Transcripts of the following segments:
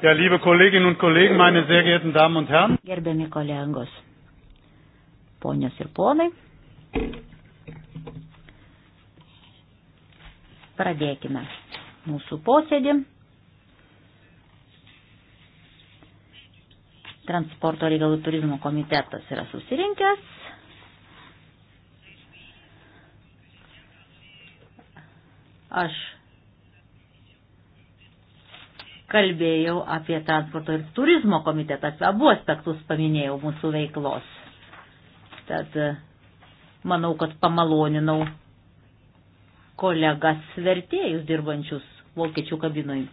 Ja, liebe Kolleginnen und Kollegen, meine sehr geehrten Damen und Herren. Gerbiami kolegos, ponios ir ponai, pradėkime mūsų posėdį. Transporto reikalų turizmo komitetas yra susirinkęs. Aš kalbėjau apie transporto ir turizmo komitetą, abu aspektus paminėjau mūsų veiklos. Tad manau, kad pamaloninau kolegas vertėjus dirbančius vokiečių kabinoj.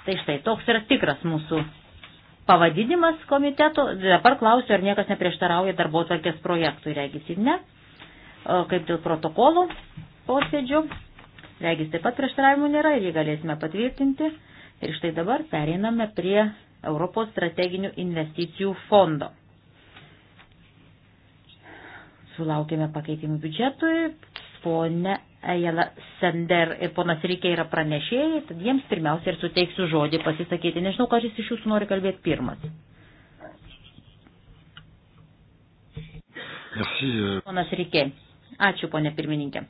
Tai štai toks yra tikras mūsų pavadinimas komiteto. Dabar klausiu, ar niekas neprieštarauja darbo tvarkės projektui, regisi ne, kaip dėl protokolų posėdžių. Regis taip pat prieštaravimų nėra ir jį galėsime patvirtinti. Ir štai dabar pereiname prie Europos strateginių investicijų fondo. Sulaukėme pakeitimų biudžetui, ponė Ejala Sender ir ponas Rykė yra pranešėjai, tad jiems pirmiausia ir suteiksiu žodį pasisakyti. Nežinau, ką jis iš jūsų nori kalbėti pirmas. Merci. Euh. Ponas Rykė. Ačiū, ponė pirmininkė.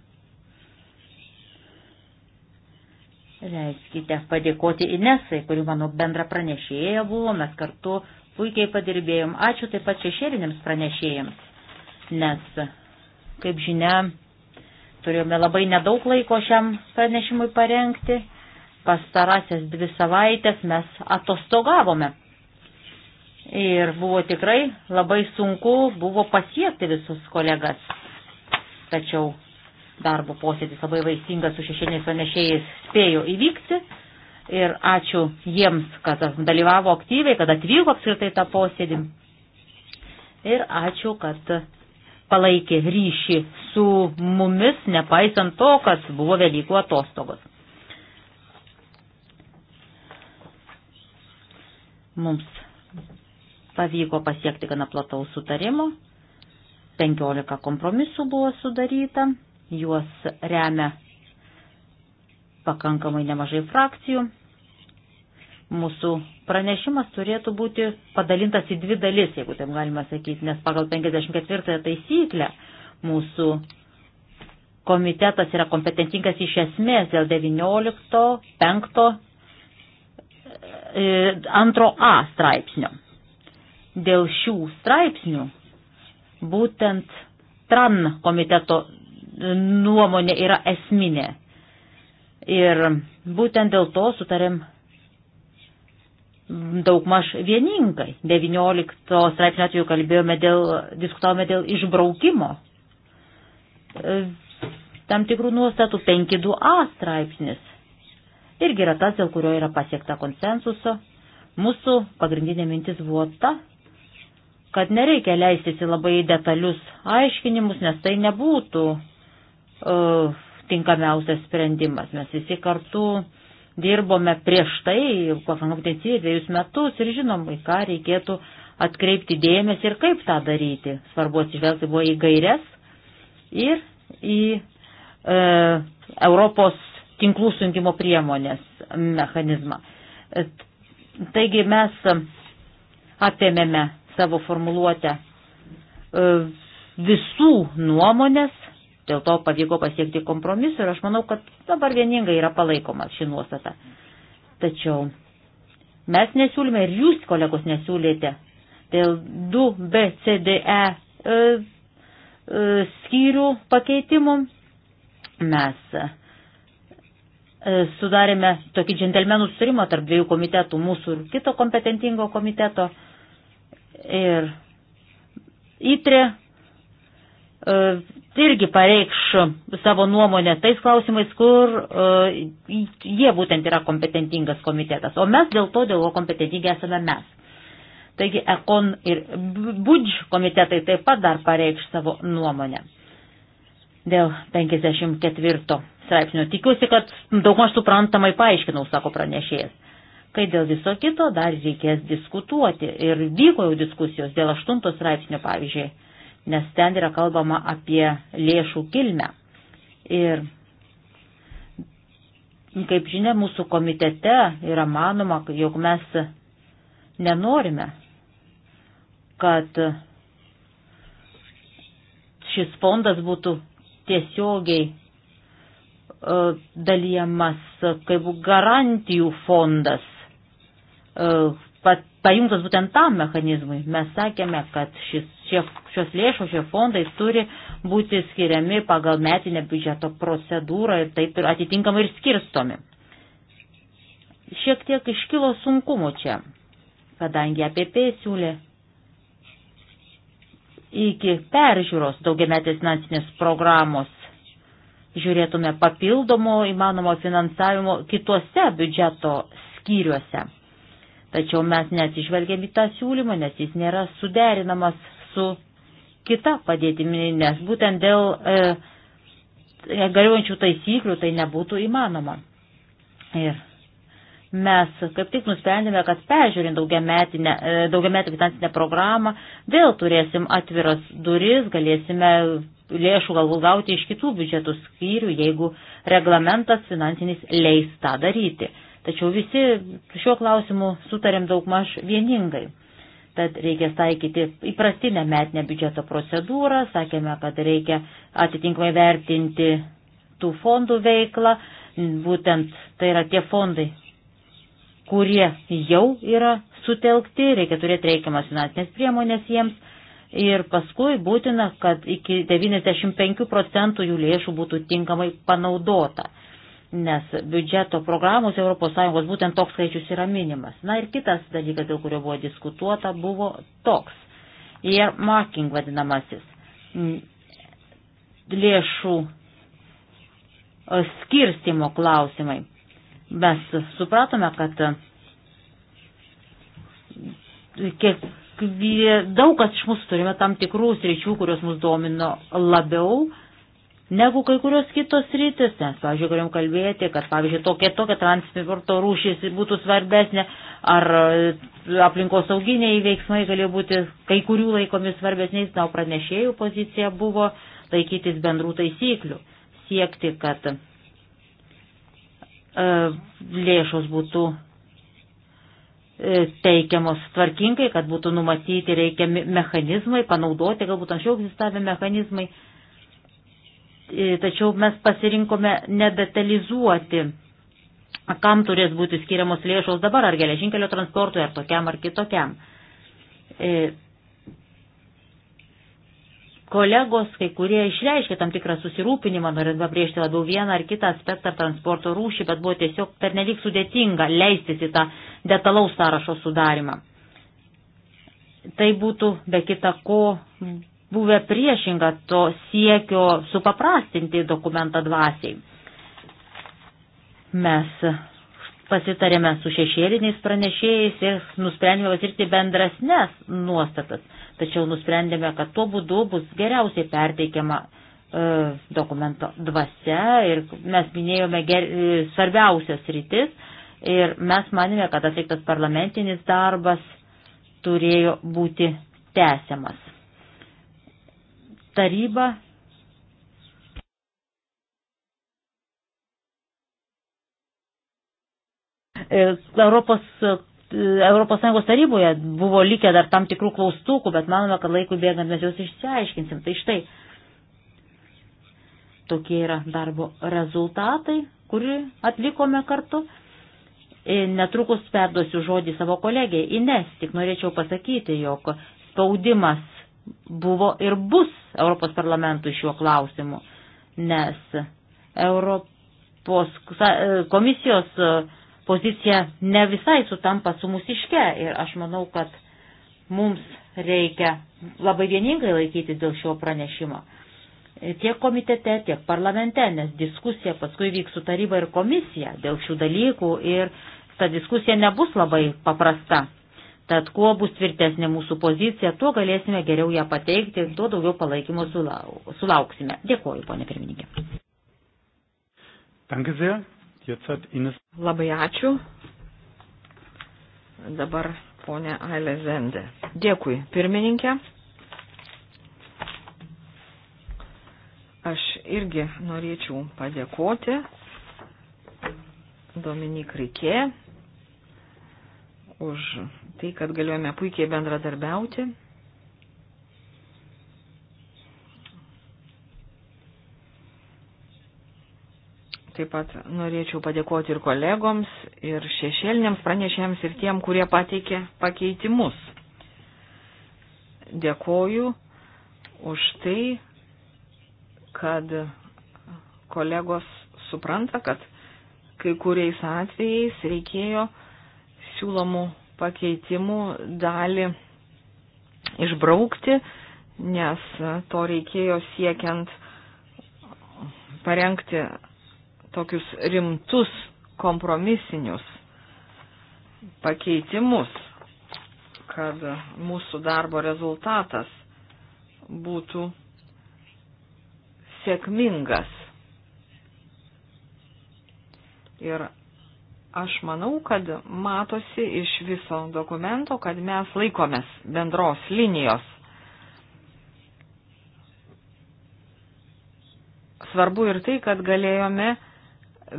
Leiskite padėkoti Inesai, kuri mano bendra pranešėja buvo, mes kartu puikiai padirbėjom. Ačiū taip pat šešėliniams pranešėjams, nes, kaip žinia, turėjome labai nedaug laiko šiam pranešimui parengti. Pastarasias dvi savaitės mes atostogavome. Ir buvo tikrai labai sunku buvo pasiekti visus kolegas. Tačiau darbo posėdis labai vaisingas su šešiniais pranešėjais spėjo įvykti. Ir ačiū jiems, kad dalyvavo aktyviai, kad atvyko apskritai tą posėdį. Ir ačiū, kad palaikė ryšį su mumis, nepaisant to, kad buvo Velykų atostogos. Mums pavyko pasiekti gana plataus sutarimo, 15 kompromisų buvo sudaryta. Juos remia pakankamai nemažai frakcijų. Mūsų pranešimas turėtų būti padalintas į dvi dalis, jeigu taip galima sakyti, nes pagal 54 taisyklę mūsų komitetas yra kompetentingas iš esmės dėl 19, 5, 2a straipsnio. Dėl šių straipsnių būtent TRAN komiteto nuomonė yra esminė. Ir būtent dėl to sutarėm daugmaž vieningai. 19 straipsnio atveju kalbėjome dėl, diskutavome dėl išbraukimo e, tam tikrų nuostatų 5.2a straipsnis. Irgi yra tas, dėl kurio yra pasiekta konsensuso. Mūsų pagrindinė mintis buvo ta, kad nereikia leistis į labai detalius aiškinimus, nes tai nebūtų E, tinkamiausias sprendimas. Mes visi kartu dirbome prieš tai, pakankamai intensyviai dviejus metus ir žinom, į ką reikėtų atkreipti dėmesį ir kaip tą daryti. Svarbu atsižvelgti buvo į gairias ir į e, Europos tinklų sunkimo priemonės mechanizmą. E, taigi mes apėmėme savo formuluotę e, visų nuomonės Dėl to pavyko pasiekti kompromisų ir aš manau, kad dabar vieningai yra palaikoma ši nuostata. Tačiau mes nesiūlėme ir jūs, kolegos, nesiūlėte dėl 2BCDE e, e, skyrių pakeitimų. Mes e, sudarėme tokį džentelmenų surimą tarp dviejų komitetų, mūsų ir kito kompetentingo komiteto. Ir ITRE E, tai irgi pareikš savo nuomonę tais klausimais, kur e, jie būtent yra kompetentingas komitetas, o mes dėl to, dėl ko kompetentingi esame mes. Taigi Ekon ir Budž komitetai taip pat dar pareikš savo nuomonę dėl 54 straipsnio. Tikiuosi, kad daugmaž suprantamai paaiškinau, sako pranešėjas. Kai dėl viso kito dar reikės diskutuoti ir vyko jau diskusijos dėl 8 straipsnio, pavyzdžiui nes ten yra kalbama apie lėšų kilmę. Ir kaip žinia, mūsų komitete yra manoma, jog mes nenorime, kad šis fondas būtų tiesiogiai e, dalyjamas kaip garantijų fondas, e, pajungtas būtent tam mechanizmui. Mes sakėme, kad šis šie, šios lėšos, šie fondai turi būti skiriami pagal metinę biudžeto procedūrą ir taip ir atitinkamai ir skirstomi. Šiek tiek iškilo sunkumų čia, kadangi APP siūlė iki peržiūros daugiametės finansinės programos žiūrėtume papildomo įmanomo finansavimo kituose biudžeto skyriuose. Tačiau mes neatsižvelgėme į tą siūlymą, nes jis nėra suderinamas su kita padėtimi, nes būtent dėl e, galiuojančių taisyklių tai nebūtų įmanoma. Ir mes kaip tik nusprendėme, kad peržiūrint daugiametinę, e, daugiametį finansinę programą, vėl turėsim atviras duris, galėsime lėšų galbūt gauti iš kitų biudžetų skyrių, jeigu reglamentas finansinis leis tą daryti. Tačiau visi šiuo klausimu sutarėm daugmaž vieningai tad reikės taikyti įprastinę metinę biudžeto procedūrą, sakėme, kad reikia atitinkamai vertinti tų fondų veiklą, būtent tai yra tie fondai, kurie jau yra sutelkti, reikia turėti reikiamas finansinės priemonės jiems ir paskui būtina, kad iki 95 procentų jų lėšų būtų tinkamai panaudota nes biudžeto programos ES būtent toks skaičius yra minimas. Na ir kitas dalykas, dėl kurio buvo diskutuota, buvo toks. Earmarking vadinamasis. Lėšų e, skirstimo klausimai. Mes supratome, kad e, kiek daug kas iš mūsų turime tam tikrų sričių, kurios mus domino labiau negu kai kurios kitos rytis, nes, pavyzdžiui, galim kalbėti, kad, pavyzdžiui, tokia, tokia transporto rūšis būtų svarbesnė, ar e, aplinkos sauginiai veiksmai galėjo būti kai kurių laikomis svarbesniais, na, pranešėjų pozicija buvo laikytis bendrų taisyklių, siekti, kad e, lėšos būtų e, teikiamos tvarkingai, kad būtų numatyti reikiami mechanizmai, panaudoti galbūt anksčiau egzistavę mechanizmai, E, tačiau mes pasirinkome nedetalizuoti, kam turės būti skiriamos lėšos dabar, ar geležinkelio transportui, ar tokiam, ar kitokiam. E, kolegos, kai kurie išreiškė tam tikrą susirūpinimą, norint pabrėžti labiau vieną ar kitą aspektą transporto rūšį, bet buvo tiesiog pernelyg sudėtinga leistis į tą detalaus sąrašo sudarimą. Tai būtų be kita ko buvę priešinga to siekio supaprastinti dokumentą dvasiai. Mes pasitarėme su šešėliniais pranešėjais ir nusprendėme pasirti bendrasnes nuostatas, tačiau nusprendėme, kad tuo būdu bus geriausiai perteikiama e, dokumento dvasia ir mes minėjome ger, e, svarbiausias rytis ir mes manėme, kad atliktas parlamentinis darbas turėjo būti tęsiamas taryba Europos, Europos Sąjungos taryboje buvo likę dar tam tikrų klaustukų, bet manome, kad laikui bėgant mes juos išsiaiškinsim. Tai štai tokie yra darbo rezultatai, kurį atlikome kartu. Netrukus perduosiu žodį savo kolegiai Ines, tik norėčiau pasakyti, jog spaudimas buvo ir bus Europos parlamentui šiuo klausimu, nes Europos e, komisijos e, pozicija ne visai sutampa su mūsiške ir aš manau, kad mums reikia labai vieningai laikytis dėl šio pranešimo. Tiek komitete, tiek parlamente, nes diskusija paskui vyks su taryba ir komisija dėl šių dalykų ir ta diskusija nebus labai paprasta. Tad kuo bus tvirtesnė mūsų pozicija, tuo galėsime geriau ją pateikti, tuo daugiau palaikymo sulauksime. Dėkuoju, ponė pirmininkė. Labai ačiū. Dabar ponė Ailė Zendė. Dėkui, pirmininkė. Aš irgi norėčiau padėkoti Dominik Rikė už tai, kad galėjome puikiai bendradarbiauti. Taip pat norėčiau padėkoti ir kolegoms, ir šešėliniams pranešėjams, ir tiem, kurie pateikė pakeitimus. Dėkoju už tai, kad kolegos supranta, kad kai kuriais atvejais reikėjo siūlomų pakeitimų dalį išbraukti, nes to reikėjo siekiant parengti tokius rimtus kompromisinius pakeitimus, kad mūsų darbo rezultatas būtų sėkmingas. Ir Aš manau, kad matosi iš viso dokumento, kad mes laikomės bendros linijos. Svarbu ir tai, kad galėjome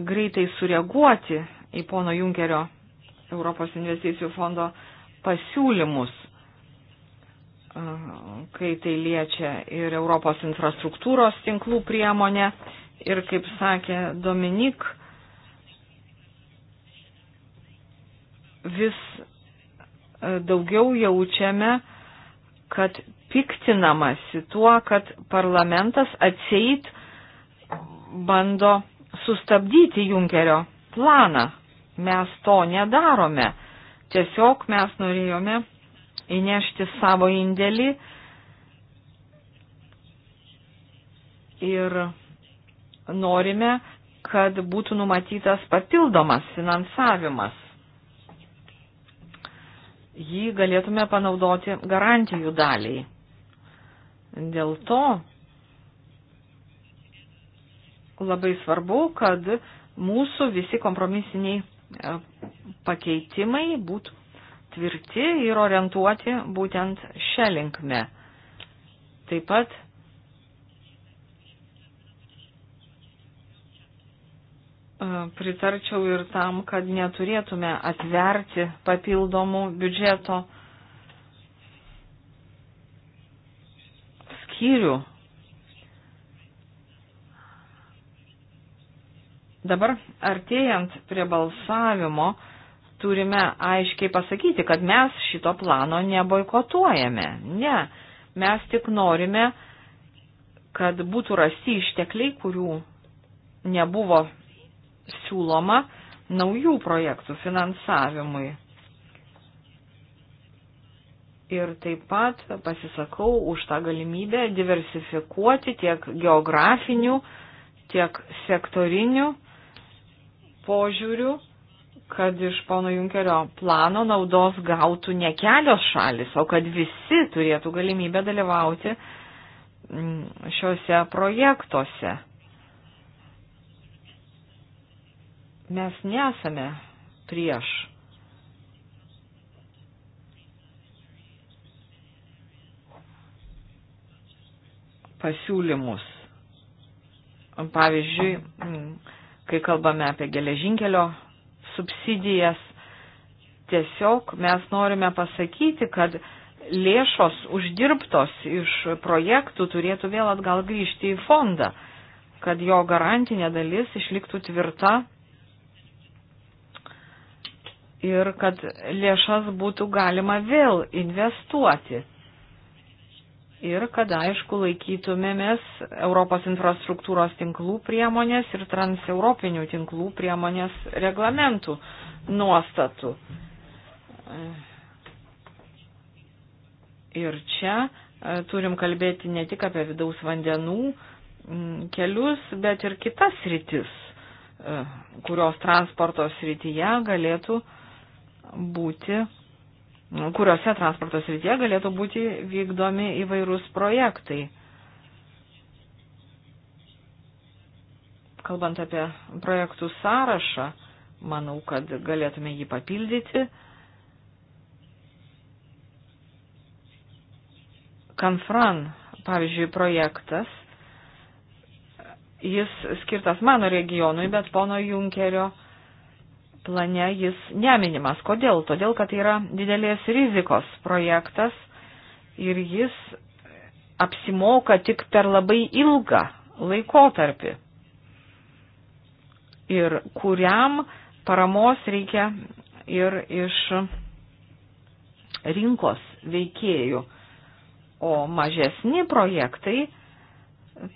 greitai sureaguoti į pono Junkerio Europos investicijų fondo pasiūlymus, kai tai liečia ir Europos infrastruktūros tinklų priemonė. Ir kaip sakė Dominik, vis e, daugiau jaučiame, kad piktinamasi tuo, kad parlamentas atseit bando sustabdyti Junkerio planą. Mes to nedarome. Tiesiog mes norėjome įnešti savo indėlį ir norime, kad būtų numatytas papildomas finansavimas jį galėtume panaudoti garantijų daliai. Dėl to labai svarbu, kad mūsų visi kompromisiniai e, pakeitimai būtų tvirti ir orientuoti būtent šią linkmę. Taip pat pritarčiau ir tam, kad neturėtume atverti papildomų biudžeto skyrių. Dabar, artėjant prie balsavimo, turime aiškiai pasakyti, kad mes šito plano neboikotuojame. Ne, mes tik norime, kad būtų rasti ištekliai, kurių nebuvo siūloma naujų projektų finansavimui. Ir taip pat pasisakau už tą galimybę diversifikuoti tiek geografinių, tiek sektorinių požiūrių, kad iš pono Junkerio plano naudos gautų ne kelios šalis, o kad visi turėtų galimybę dalyvauti mm, šiuose projektuose. Mes nesame prieš. pasiūlymus. Pavyzdžiui, kai kalbame apie geležinkelio subsidijas, tiesiog mes norime pasakyti, kad lėšos uždirbtos iš projektų turėtų vėl atgal grįžti į fondą, kad jo garantinė dalis išliktų tvirta ir kad lėšas būtų galima vėl investuoti. Ir kad, aišku, laikytumėmės Europos infrastruktūros tinklų priemonės ir transeuropinių tinklų priemonės reglamentų nuostatų. Ir čia e, turim kalbėti ne tik apie vidaus vandenų kelius, bet ir kitas rytis e, kurios transporto srityje galėtų uh, būti, kuriuose transporto srityje galėtų būti vykdomi įvairūs projektai. Kalbant apie projektų sąrašą, manau, kad galėtume jį papildyti. Kanfran, pavyzdžiui, projektas, jis skirtas mano regionui, bet pono Junkerio plane jis neminimas. Kodėl? Todėl, kad tai yra didelės rizikos projektas ir jis apsimoka tik per labai ilgą laikotarpį. Ir kuriam paramos reikia ir iš rinkos veikėjų. O mažesni projektai,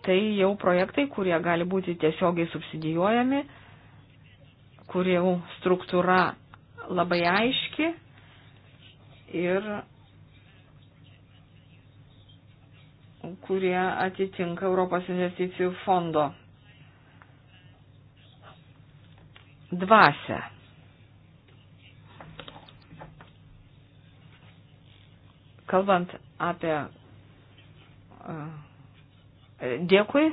tai jau projektai, kurie gali būti tiesiogiai subsidijuojami, kurių struktūra labai aiški ir kurie atitinka Europos investicijų fondo dvasę. Kalbant apie. E, dėkui.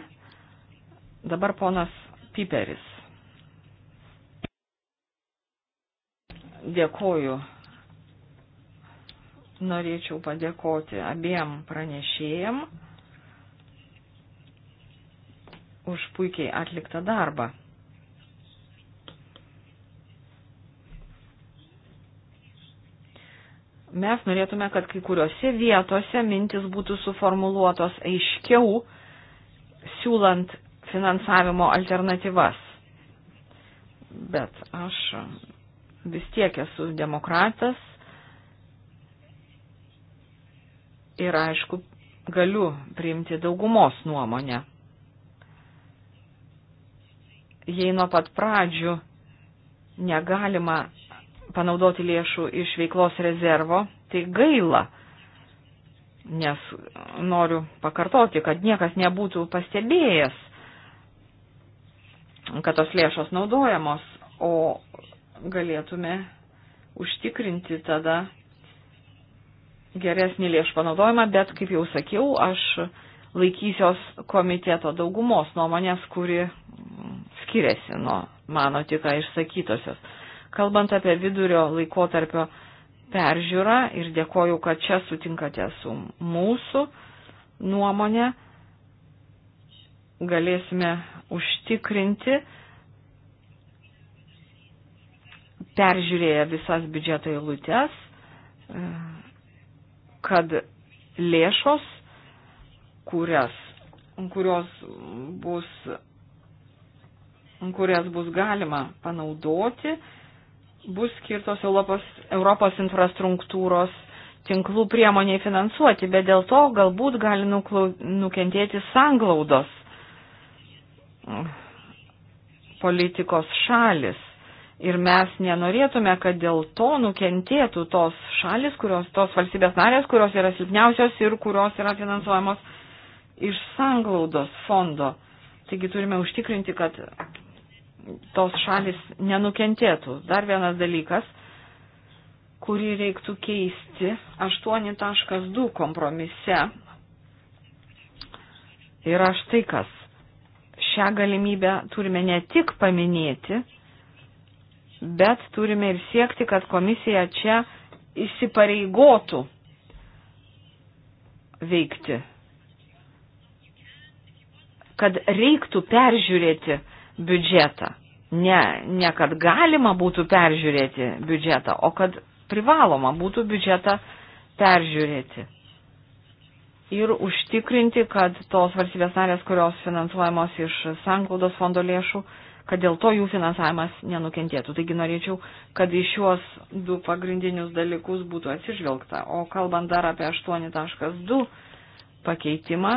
Dabar ponas Piperis. Dėkoju. Norėčiau padėkoti abiem pranešėjam už puikiai atliktą darbą. Mes norėtume, kad kai kuriuose vietose mintis būtų suformuluotos aiškiau, siūlant finansavimo alternatyvas. Bet aš vis tiek esu demokratas ir aišku, galiu priimti daugumos nuomonę. Jei nuo pat pradžių negalima panaudoti lėšų iš veiklos rezervo, tai gaila, nes noriu pakartoti, kad niekas nebūtų pastebėjęs, kad tos lėšos naudojamos, o galėtume užtikrinti tada geresnį lėšų panaudojimą, bet, kaip jau sakiau, aš laikysios komiteto daugumos nuomonės, kuri skiriasi nuo mano tik išsakytosios. Kalbant apie vidurio laikotarpio peržiūrą ir dėkoju, kad čia sutinkate su mūsų nuomonė, galėsime užtikrinti, peržiūrėję visas biudžeto eilutes, e, kad lėšos, kurias, kurios bus, kurias bus galima panaudoti, bus skirtos Europos, Europos infrastruktūros tinklų priemoniai finansuoti, bet dėl to galbūt gali nuklau, nukentėti sanglaudos e, politikos šalis. Ir mes nenorėtume, kad dėl to nukentėtų tos šalis, kurios, tos valstybės narės, kurios yra silpniausios ir kurios yra finansuojamos iš sanglaudos fondo. Taigi turime užtikrinti, kad tos šalis nenukentėtų. Dar vienas dalykas, kurį reiktų keisti 8.2 kompromise, yra štai kas. Šią galimybę turime ne tik paminėti, bet turime ir siekti, kad komisija čia įsipareigotų veikti, kad reiktų peržiūrėti biudžetą. Ne, ne kad galima būtų peržiūrėti biudžetą, o kad privaloma būtų biudžetą peržiūrėti. Ir užtikrinti, kad tos valstybės narės, kurios finansuojamos iš sanklaudos fondo lėšų, kad dėl to jų finansavimas nenukentėtų. Taigi norėčiau, kad į šiuos du pagrindinius dalykus būtų atsižvelgta. O kalbant dar apie 8.2 pakeitimą,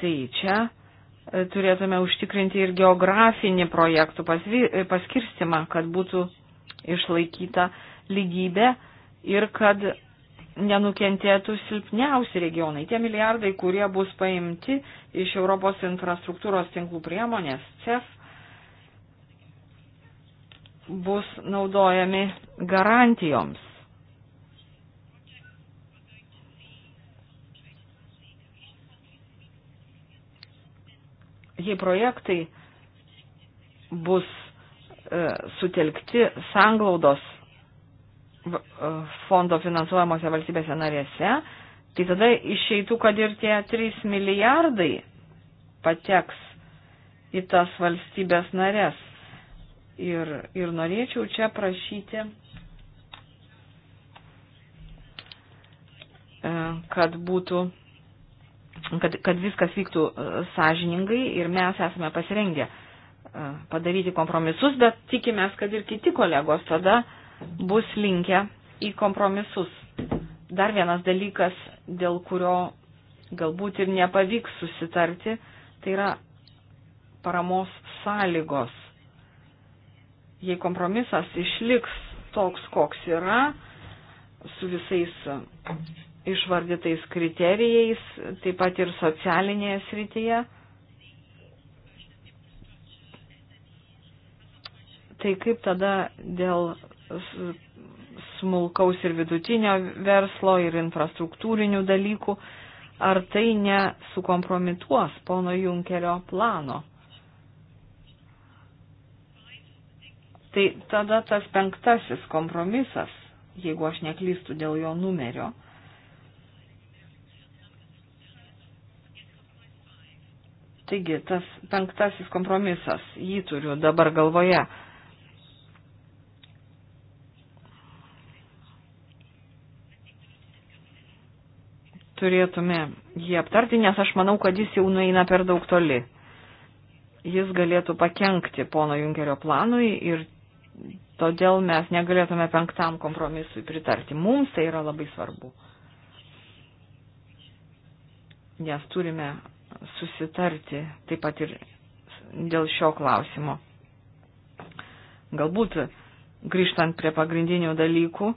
tai čia e, turėtume užtikrinti ir geografinį projektų e, paskirstimą, kad būtų išlaikyta lygybė ir kad nenukentėtų silpniausi regionai. Tie milijardai, kurie bus paimti iš Europos infrastruktūros tinklų priemonės, CEF, bus naudojami garantijoms. Jei projektai bus e, sutelkti sanglaudos E, fondo finansuojamose valstybėse narėse, tai tada išeitų, kad ir tie 3 milijardai pateks į tas valstybės narės. Ir, ir norėčiau čia prašyti, e, kad būtų, kad, kad viskas vyktų e, sąžiningai ir mes esame pasirengę padaryti kompromisus, bet tikimės, kad ir kiti kolegos tada uh, bus linkę į kompromisus. Dar vienas dalykas, dėl kurio galbūt ir nepavyks susitarti, tai yra paramos sąlygos. Jei kompromisas išliks toks, koks yra, su visais išvardytais kriterijais, taip pat ir socialinėje srityje, tai kaip tada dėl smulkaus ir vidutinio verslo ir infrastruktūrinių dalykų, ar tai nesukompromituos pono Junkerio plano? Tai tada tas penktasis kompromisas, jeigu aš neklystu dėl jo numerio, Taigi, tas penktasis kompromisas, jį turiu dabar galvoje, turėtume jį aptarti, nes aš manau, kad jis jau nueina per daug toli. Jis galėtų pakengti pono Junkerio planui ir todėl mes negalėtume penktam kompromisui pritarti. Mums tai yra labai svarbu. Nes turime susitarti taip pat ir dėl šio klausimo. Galbūt grįžtant prie pagrindinių dalykų,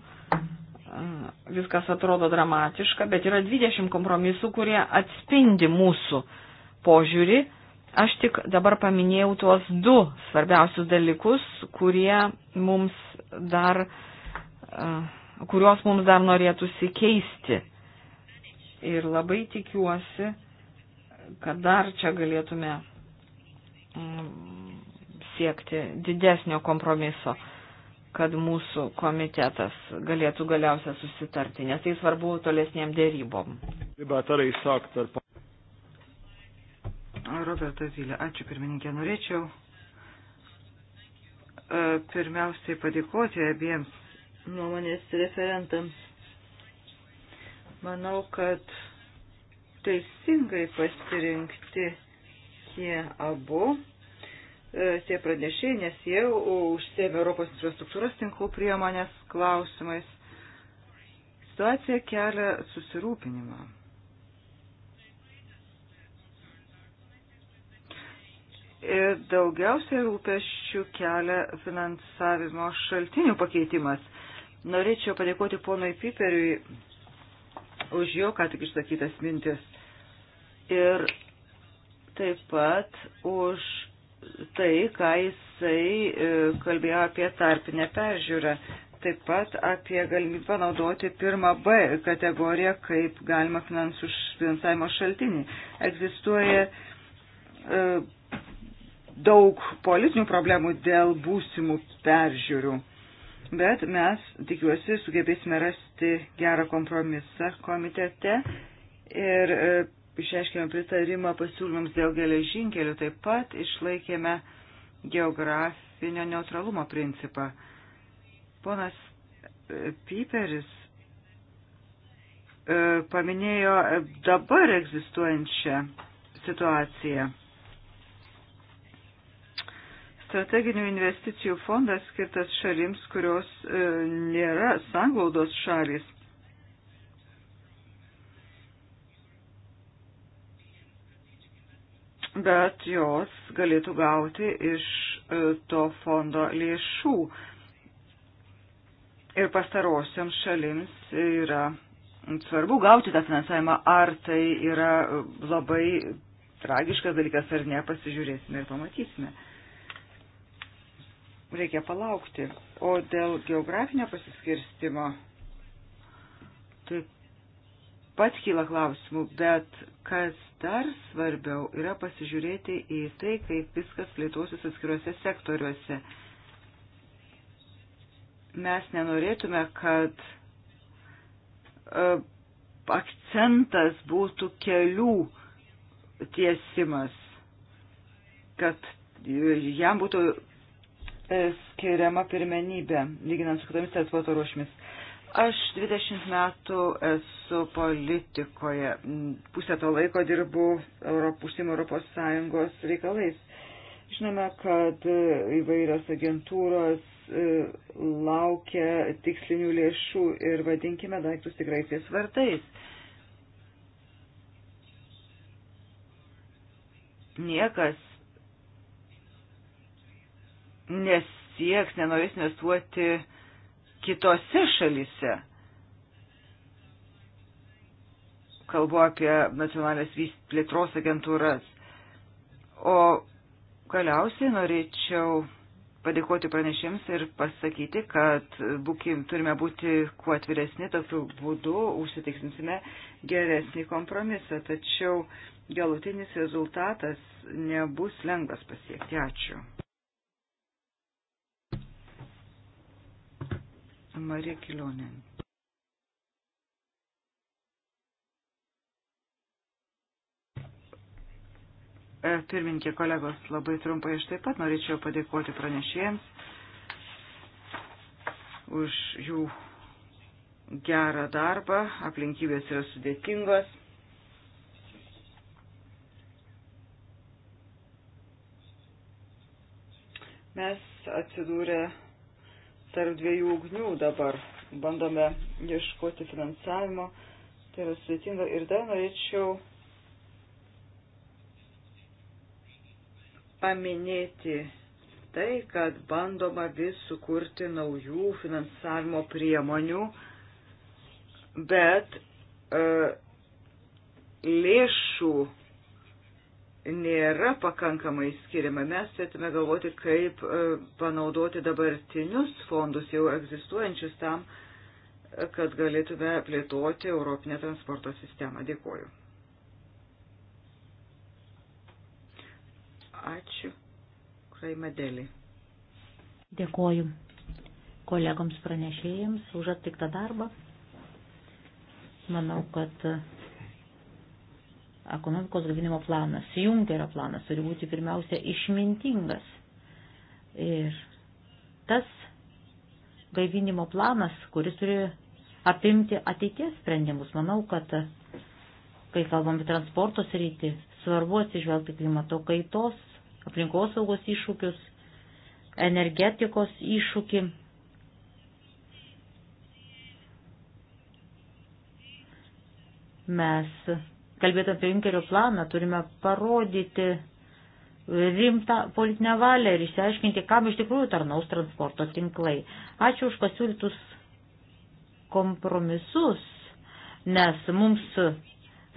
viskas atrodo dramatiška, bet yra 20 kompromisų, kurie atspindi mūsų požiūrį. Aš tik dabar paminėjau tuos du svarbiausius dalykus, kurie mums dar, kuriuos mums dar norėtųsi keisti. Ir labai tikiuosi, kad dar čia galėtume mm, siekti didesnio kompromiso kad mūsų komitetas galėtų galiausia susitarti, nes tai svarbu tolesniem dėrybom. Robertas Zylė, ačiū pirmininkė, norėčiau e, pirmiausiai padėkoti abiems nuomonės referentams. Manau, kad teisingai pasirinkti tie abu E, tie pranešiai, nes jie užsėmė Europos infrastruktūros tinklų priemonės klausimais. Situacija kelia susirūpinimą. Ir daugiausiai rūpeščių kelia finansavimo šaltinių pakeitimas. Norėčiau padėkoti ponui Piperiui už jo ką tik išsakytas mintis ir taip pat už tai, ką jisai e, kalbėjo apie tarpinę peržiūrą. Taip pat apie galimybę panaudoti pirmą B kategoriją kaip galima finansų finansavimo šaltinį. Egzistuoja e, daug politinių problemų dėl būsimų peržiūrų, bet mes, tikiuosi, sugebėsime rasti gerą kompromisą komitete ir e, išreiškėme pritarimą pasiūlymams dėl geležinkelių, taip pat išlaikėme geografinio neutralumo principą. Ponas e, Piperis e, paminėjo dabar egzistuojančią situaciją. Strateginių investicijų fondas skirtas šalims, kurios e, nėra sanglaudos šalis bet jos galėtų gauti iš e, to fondo lėšų. Ir pastarosiams šalims yra svarbu gauti tą finansavimą, ar tai yra labai tragiškas dalykas ar ne, pasižiūrėsime ir pamatysime. Reikia palaukti. O dėl geografinio pasiskirstimo, taip pat kyla klausimų, bet kas dar svarbiau yra pasižiūrėti į tai, kaip viskas plėtosis atskiruose sektoriuose. Mes nenorėtume, kad uh, akcentas būtų kelių tiesimas, kad e, jam būtų e, skiriama pirmenybė, lyginant su kitomis transporto ruošmis. Uh, Aš 20 metų esu politikoje. Pusę to laiko dirbu užsienio Europos Sąjungos reikalais. Žinome, kad e, įvairios agentūros e, laukia tikslinių lėšų ir vadinkime daiktus tikraisiais vardais. Niekas nesieks, nenorės investuoti kitose šalise. Kalbu apie nacionalinės plėtros agentūras. O galiausiai norėčiau padėkoti pranešėms ir pasakyti, kad būkim, turime būti kuo atviresni, tokiu būdu užsitiksinsime geresnį kompromisą. Tačiau galutinis rezultatas nebus lengvas pasiekti. Ačiū. Marija Kilonė. E, Pirminkė kolegos, labai trumpai aš taip pat norėčiau padėkoti pranešėjams už jų gerą darbą, aplinkybės yra sudėtingos. Mes atsidūrę tarp dviejų ugnių dabar. Bandome ieškoti finansavimo, tai yra sudėtinga. Ir dar norėčiau paminėti tai, kad bandoma vis sukurti naujų finansavimo priemonių, bet e, lėšų nėra pakankamai skiriama. Mes turėtume galvoti, kaip e, panaudoti dabartinius fondus jau egzistuojančius tam, e, kad galėtume plėtoti Europinę transporto sistemą. Dėkuoju. Ačiū. Kraimedėlį. Dėkuoju kolegoms pranešėjams už atliktą darbą. Manau, kad ekonomikos gaivinimo planas, Junkerio planas turi būti pirmiausia išmintingas. Ir tas gaivinimo planas, kuris turi apimti ateities sprendimus, manau, kad e, kai kalbam apie transporto sritį, svarbu atsižvelgti klimato kaitos, aplinkosaugos iššūkius, energetikos iššūkį. Mes kalbėt apie Junkerio planą, turime parodyti rimtą politinę valią ir išsiaiškinti, kam iš tikrųjų tarnaus transporto tinklai. Ačiū už pasiūlytus kompromisus, nes mums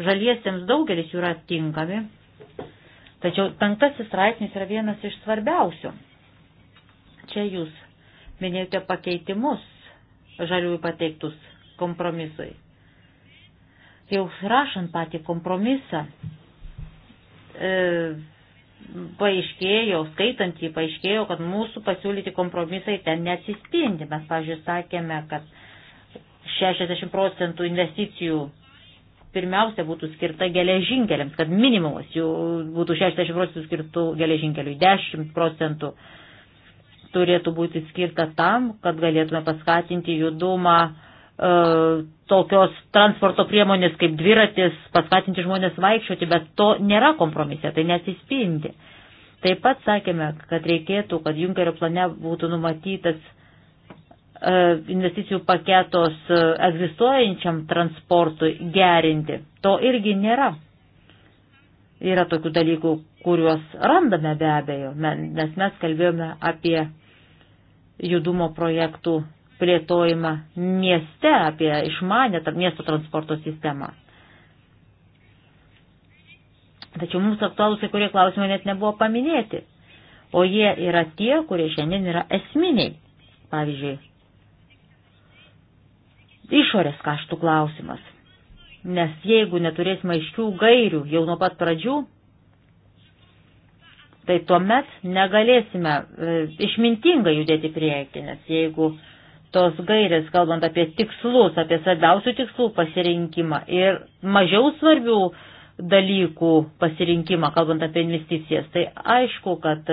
žaliesiems daugelis jų yra tinkami, tačiau penktasis straipsnis yra vienas iš svarbiausių. Čia jūs minėjote pakeitimus žaliųjų pateiktus kompromisui jau rašant patį kompromisą, e, paaiškėjo, skaitant jį, paaiškėjo, kad mūsų pasiūlyti kompromisai ten nesispindi. Mes, pažiūrėjau, sakėme, kad 60 procentų investicijų pirmiausia būtų skirta geležinkeliams, kad minimumas jų būtų 60 procentų skirtų geležinkeliui, 10 procentų turėtų būti skirta tam, kad galėtume paskatinti judumą E, tokios transporto priemonės kaip dviratis, paskatinti žmonės vaikščioti, bet to nėra kompromise, tai nesispindi. Taip pat sakėme, kad reikėtų, kad Junkerio plane būtų numatytas e, investicijų paketos e, egzistuojančiam transportui gerinti. To irgi nėra. Yra tokių dalykų, kuriuos randame be abejo, nes mes kalbėjome apie judumo projektų plėtojimą mieste, apie išmanę miesto transporto sistemą. Tačiau mums aktualūs kai kurie klausimai net nebuvo paminėti, o jie yra tie, kurie šiandien yra esminiai. Pavyzdžiui, išorės kaštų klausimas. Nes jeigu neturėsime aiškių gairių jau nuo pat pradžių, tai tuomet negalėsime e, išmintingai judėti priekį, nes jeigu tos gairės, kalbant apie tikslus, apie svarbiausių tikslų pasirinkimą ir mažiau svarbių dalykų pasirinkimą, kalbant apie investicijas. Tai aišku, kad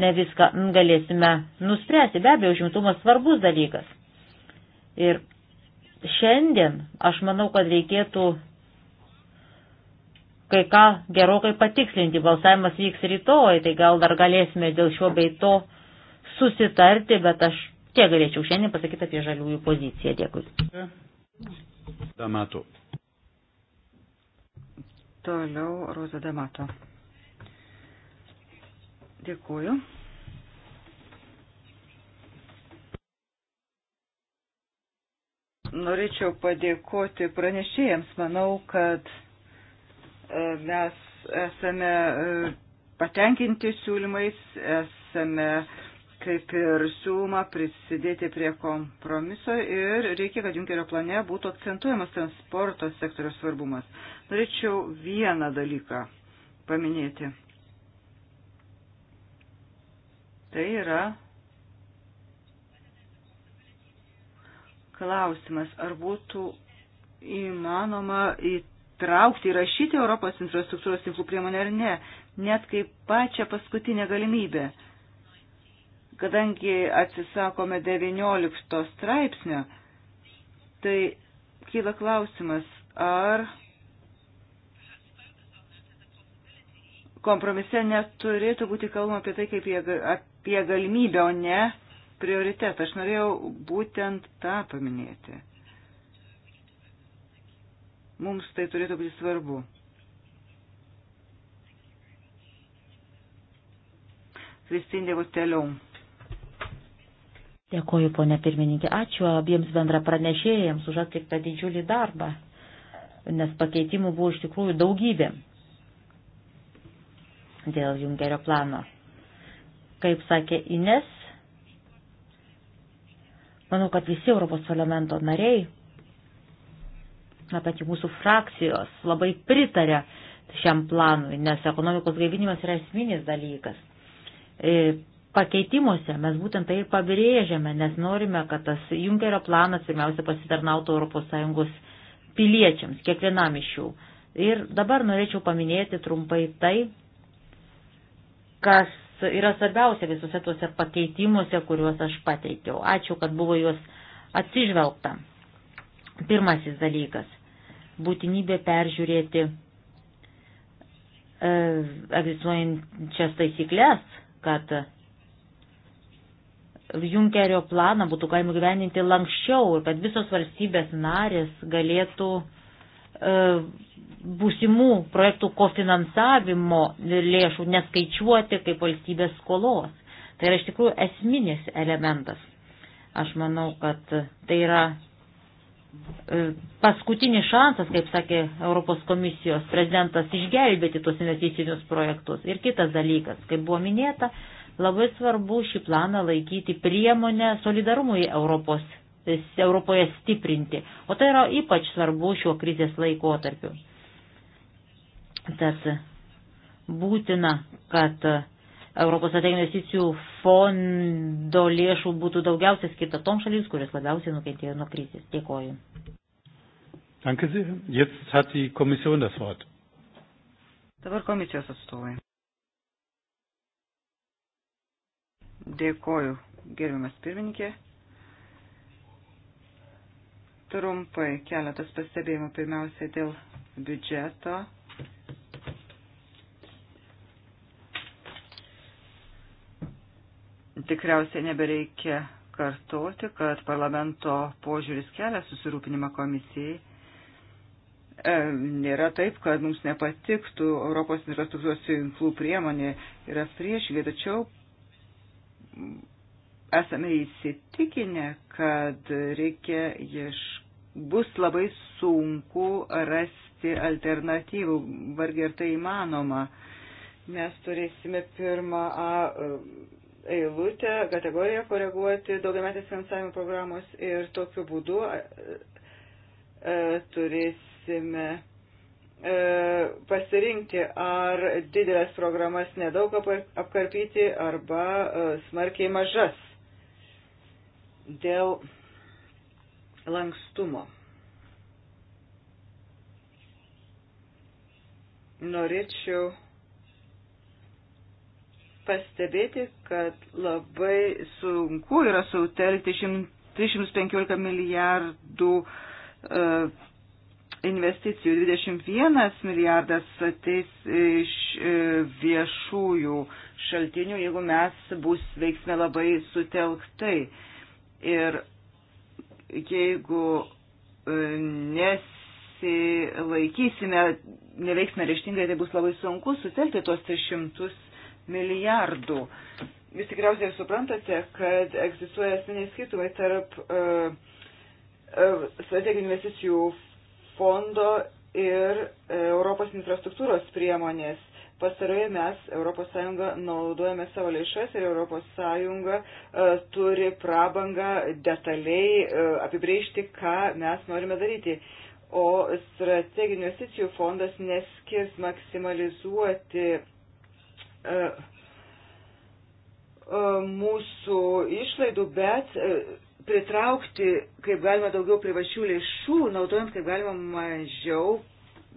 ne viską galėsime nuspręsti. Be abejo, užimtumas svarbus dalykas. Ir šiandien aš manau, kad reikėtų kai ką gerokai patikslinti. Balsavimas vyks rytoj, tai gal dar galėsime dėl šio bei to susitarti, bet aš Tiek galėčiau šiandien pasakyti apie žaliųjų poziciją. Dėkui. Damato. Toliau Roza Damato. Dėkuoju. Norėčiau padėkoti pranešėjams. Manau, kad e, mes esame e, patenkinti siūlymais, esame kaip ir siūloma prisidėti prie kompromiso ir reikia, kad Junkerio plane būtų akcentuojamas transporto sektoriaus svarbumas. Norėčiau vieną dalyką paminėti. Tai yra klausimas, ar būtų įmanoma įtraukti, įrašyti Europos infrastruktūros tinklų priemonę ar ne, net kaip pačią paskutinę galimybę. Kadangi atsisakome 19 straipsnio, tai kyla klausimas, ar kompromise neturėtų būti kalbama apie tai, kaip jie, apie galimybę, o ne prioritetą. Aš norėjau būtent tą paminėti. Mums tai turėtų būti svarbu. Kristin Devotelio. Dėkoju, ponė pirmininkė. Ačiū abiems bendra pranešėjams už atliktą didžiulį darbą, nes pakeitimų buvo iš tikrųjų daugybė dėl Jungerio plano. Kaip sakė Ines, manau, kad visi Europos parlamento nariai, na, pati mūsų frakcijos labai pritarė šiam planui, nes ekonomikos gaivinimas yra esminis dalykas. E, pakeitimuose mes būtent tai ir pabrėžiame, nes norime, kad tas Junkerio planas pirmiausia pasitarnautų ES piliečiams, kiekvienam iš jų. Ir dabar norėčiau paminėti trumpai tai, kas yra svarbiausia visuose tuose pakeitimuose, kuriuos aš pateikiau. Ačiū, kad buvo juos atsižvelgta. Pirmasis dalykas - būtinybė peržiūrėti e, egzistuojančias taisyklės, kad Junkerio planą būtų galima gyveninti lankščiau ir kad visos valstybės narės galėtų e, būsimų projektų kofinansavimo lėšų neskaičiuoti kaip valstybės skolos. Tai yra iš tikrųjų esminis elementas. Aš manau, kad tai yra e, paskutinis šansas, kaip sakė Europos komisijos prezidentas, išgelbėti tuos investicinius projektus. Ir kitas dalykas, kaip buvo minėta, Labai svarbu šį planą laikyti priemonę solidarumui Europos, Europoje stiprinti, o tai yra ypač svarbu šiuo krizės laikotarpiu. Tad būtina, kad Europos strateginių investicijų fondo lėšų būtų daugiausia skirta tom šalims, kurios labiausiai nukentėjo nuo krizės. Dėkoju. Danke sehr. Jetzt hat die Kommission das Wort. Dabar komisijos atstovai. Dėkoju, gerbiamas pirmininkė. Trumpai keletas pastebėjimų pirmiausia dėl biudžeto. Tikriausiai nebereikia kartoti, kad parlamento požiūris kelia susirūpinimą komisijai. E, nėra taip, kad mums nepatiktų Europos infrastruktūros tinklų priemonė, yra priešingai, tačiau esame įsitikinę, kad reikia iš, bus labai sunku rasti alternatyvų, vargiai ar tai įmanoma. Mes turėsime pirmą A e, eilutę, kategoriją koreguoti daugiametės finansavimo programos ir tokiu būdu e, e, turėsime E, pasirinkti, ar didelės programas nedaug apkarpyti arba e, smarkiai mažas dėl lankstumo. Norėčiau pastebėti, kad labai sunku yra sutelkti 315 milijardų uh, investicijų. 21 milijardas ateis iš e, viešųjų šaltinių, jeigu mes bus veiksme labai sutelktai. Ir jeigu e, nesilaikysime, neveiksime reištingai, tai bus labai sunku sutelkti tuos 300 milijardų. Jūs tikriausiai suprantate, kad egzistuoja esminiai skirtumai tarp uh, strateginių investicijų fondo ir e, Europos infrastruktūros priemonės. Pastaroje mes, ES, naudojame savo lėšas ir ES e, turi prabangą detaliai e, apibrėžti, ką mes norime daryti. O strateginių investicijų fondas neskirs maksimalizuoti mūsų išlaidų, bet pritraukti kaip galima daugiau privačių lėšų, naudojant kaip galima mažiau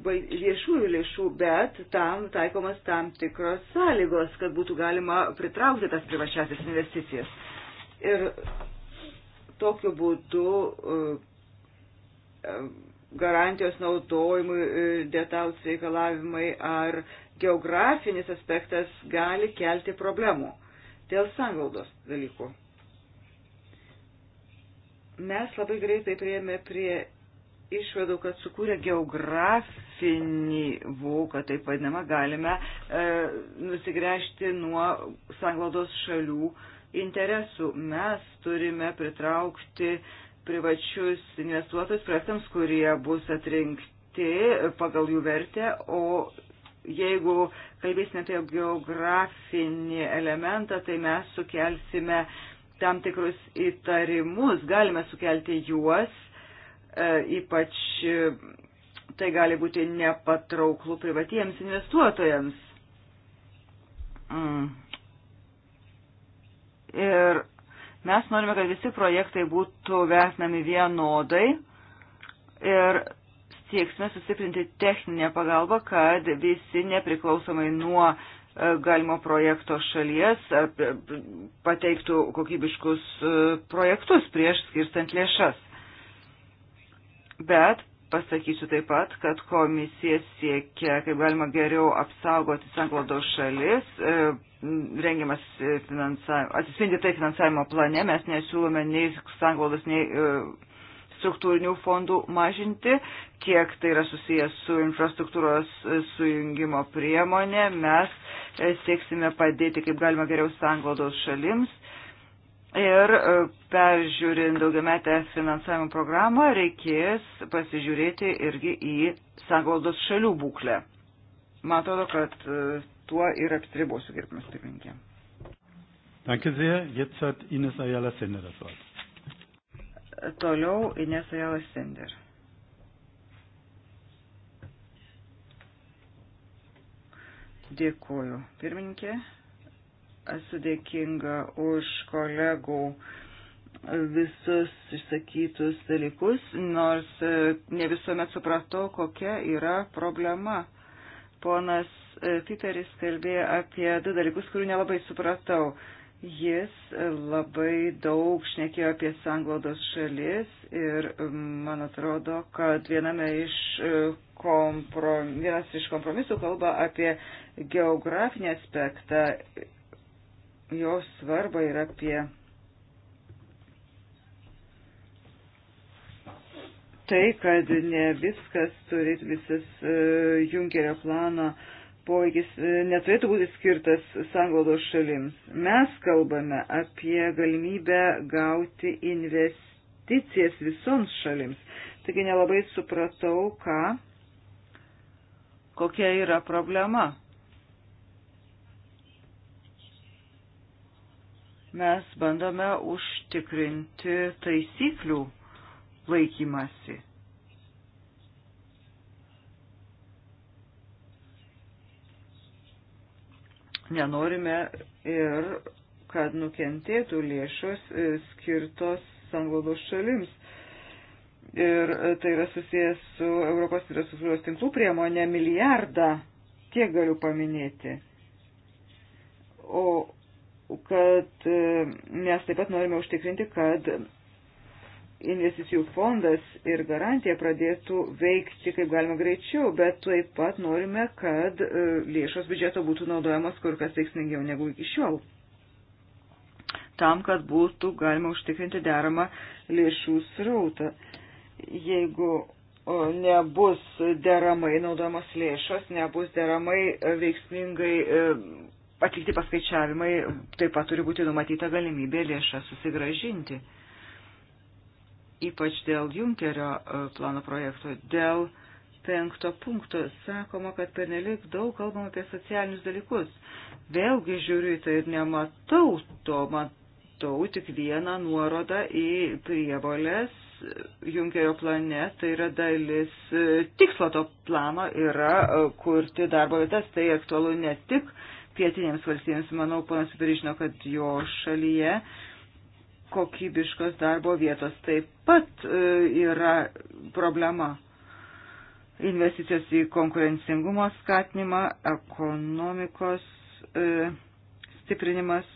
viešųjų lėšų, bet tam taikomas tam tikros sąlygos, kad būtų galima pritraukti tas privačiasias investicijas. Ir tokiu būdu e, e, garantijos naudojimui, e, detalus reikalavimai ar geografinis aspektas gali kelti problemų dėl sanglaudos dalykų. Mes labai greitai prieėmė prie išvadų, kad sukūrę geografinį voką, taip vadinamą, galime e, nusigręžti nuo sanglaudos šalių interesų. Mes turime pritraukti privačius investuotojus projektams, kurie bus atrinkti pagal jų vertę, o jeigu kalbėsime apie geografinį elementą, tai mes sukelsime e, tam tikrus įtarimus, galime sukelti juos, e, ypač e, tai gali būti nepatrauklų privatiems investuotojams. Mm. Ir mes norime, kad visi projektai būtų vertinami vienodai ir sieksime sustiprinti techninę pagalbą, kad visi nepriklausomai nuo uh, E, galimo projekto šalies ar pateiktų kokybiškus e, projektus prieš skirstant lėšas. Bet pasakysiu taip pat, kad komisija siekia, kaip galima geriau apsaugoti sanklaudos šalis, e, rengiamas atsispindi tai finansavimo plane, mes nesiūlome nei sanklaudos, nei struktūrinių fondų mažinti, kiek tai yra susijęs su infrastruktūros sujungimo priemonė. Mes e, sieksime padėti kaip galima geriau sanglaudos šalims. Ir e, peržiūrint daugiametę finansavimo programą, reikės pasižiūrėti irgi į sanglaudos šalių būklę. Man atrodo, kad e, tuo ir apsiribosiu, gerbimas pirmininkė. Danke sehr. Jetzt hat Ines Ayala Sender das Wort. Toliau Ines Ajalas Sender. Dėkuoju. Pirmininkė, esu dėkinga už kolegų visus išsakytus dalykus, nors e, ne visuomet supratau, kokia yra problema. Ponas e, Piteris kalbėjo apie du dalykus, kurių nelabai supratau. Jis e, labai daug šnekėjo apie sanglaudos šalis ir e, man atrodo, kad viename iš e, komprom, vienas iš kompromisų kalba apie geografinį aspektą, jo svarbą ir apie tai, kad ne viskas turi visas Junkerio plano uh, poveikis e, neturėtų būti skirtas sanglaudos šalims. Mes kalbame apie galimybę gauti investicijas visoms šalims. Taigi nelabai supratau, ką, kokia yra problema. Mes bandome užtikrinti taisyklių laikymasi. nenorime ir kad nukentėtų lėšos e, skirtos sanglaudos šalims. Ir e, tai yra susijęs su Europos infrastruktūros tinklų priemonė milijardą, tiek galiu paminėti. O kad e, mes taip pat norime užtikrinti, kad investicijų fondas ir garantija pradėtų veikti kaip galima greičiau, bet taip pat norime, kad e, lėšos biudžeto būtų naudojamas kur kas veiksmingiau negu iki šiol. Tam, kad būtų galima užtikrinti deramą lėšų srautą. Jeigu e, nebus deramai naudojamos lėšos, nebus deramai e, veiksmingai atlikti paskaičiavimai, taip pat turi būti numatyta galimybė lėšas susigražinti ypač dėl Junkerio e, plano projekto, dėl penkto punkto sakoma, kad pernelik daug kalbam apie socialinius dalykus. Vėlgi žiūriu į tai ir nematau to, matau tik vieną nuorodą į prievolės Junkerio plane, tai yra dalis e, tikslo to plano yra e, kurti darbo vietas, tai aktualu ne tik pietinėms valstybėms, manau, ponas Pirižino, kad jo šalyje uh, kokybiškos darbo vietos taip pat e, yra problema. Investicijos į konkurencingumo skatinimą, ekonomikos e, stiprinimas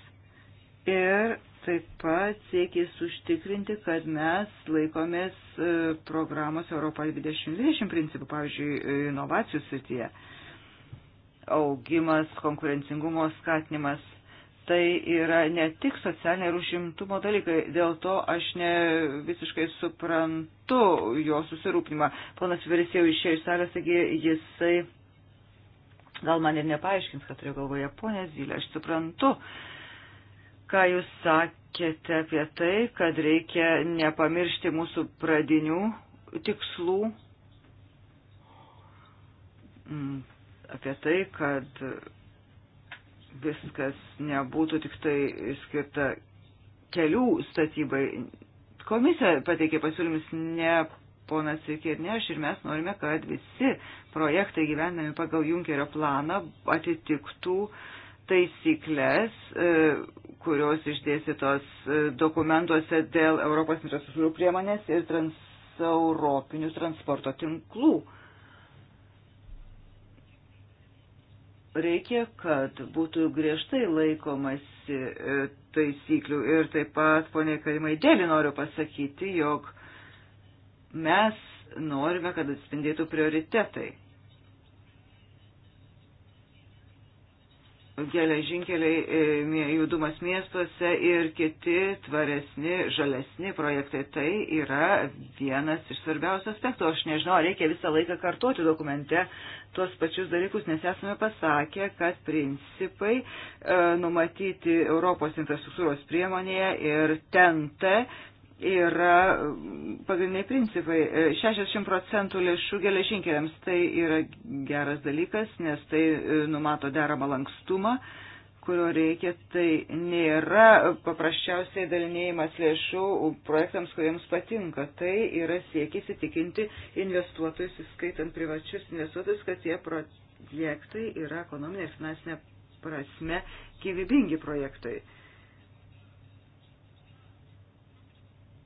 ir taip pat siekis užtikrinti, kad mes laikomės e, programos Europa 2020 principų, pavyzdžiui, inovacijų srityje. Augimas, konkurencingumo skatinimas tai yra ne tik socialiniai ir užimtumo dalykai. Dėl to aš ne visiškai suprantu jo susirūpinimą. Ponas Veris jau išėjo iš salės, taigi jisai gal man ir nepaaiškins, kad turiu galvoje. Pone Zylė, aš suprantu, ką jūs sakėte apie tai, kad reikia nepamiršti mūsų pradinių tikslų. Mm, apie tai, kad viskas nebūtų tik tai skirta kelių statybai. Komisija pateikė pasiūlymus ne ponas Sikė ir ne aš ir mes norime, kad visi projektai gyvenami pagal Junkerio planą atitiktų taisyklės, e, kurios išdėstytos e, dokumentuose dėl Europos infrastruktūrų priemonės ir trans europinių transporto tinklų. Reikia, kad būtų griežtai laikomasi e, taisyklių. Ir taip pat, ponė Karimai, dėlį noriu pasakyti, jog mes norime, kad atspindėtų prioritetai. geležinkeliai, e, judumas miestuose ir kiti tvaresni, žalesni projektai. Tai yra vienas iš svarbiausių aspektų. Aš nežinau, reikia visą laiką kartuoti dokumente tuos pačius dalykus, nes esame pasakę, kad principai e, numatyti Europos infrastruktūros priemonėje ir TNT yra mm, pagrindiniai principai. 60 e, procentų lėšų geležinkeliams tai yra geras dalykas, nes tai e, numato deramą lankstumą kurio reikia, tai nėra paprasčiausiai dalinėjimas lėšų projektams, kuriems patinka. Tai yra siekis įtikinti investuotojus, įskaitant privačius investuotojus, kad tie projektai yra ekonominė ir finansinė prasme gyvybingi projektai.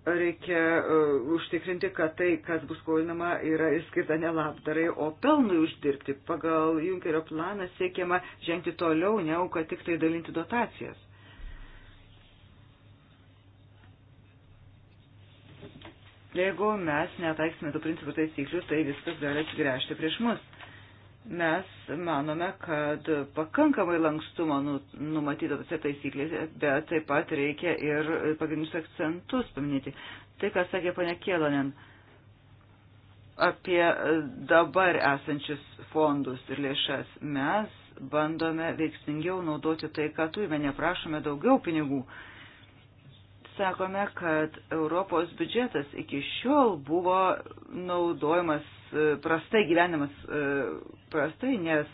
reikia uh, užtikrinti, kad tai, kas bus skolinama, yra skirta ne labdarai, o pelnui uždirbti. Pagal Junkerio planą siekiama žengti toliau, ne auka tik tai dalinti dotacijas. Jeigu mes netaiksime tų principų taisyklių, tai viskas gali atsigręžti prieš mus mes manome, kad pakankamai lankstumo nu, numatyta tose taisyklėse, bet taip pat reikia ir pagrindinius akcentus paminėti. Tai, ką sakė ponia Kielonen apie dabar esančius fondus ir lėšas, mes bandome veiksmingiau naudoti tai, ką turime, neprašome daugiau pinigų. Sakome, kad Europos biudžetas iki šiol buvo naudojamas E, prastai gyvenimas e, prastai, nes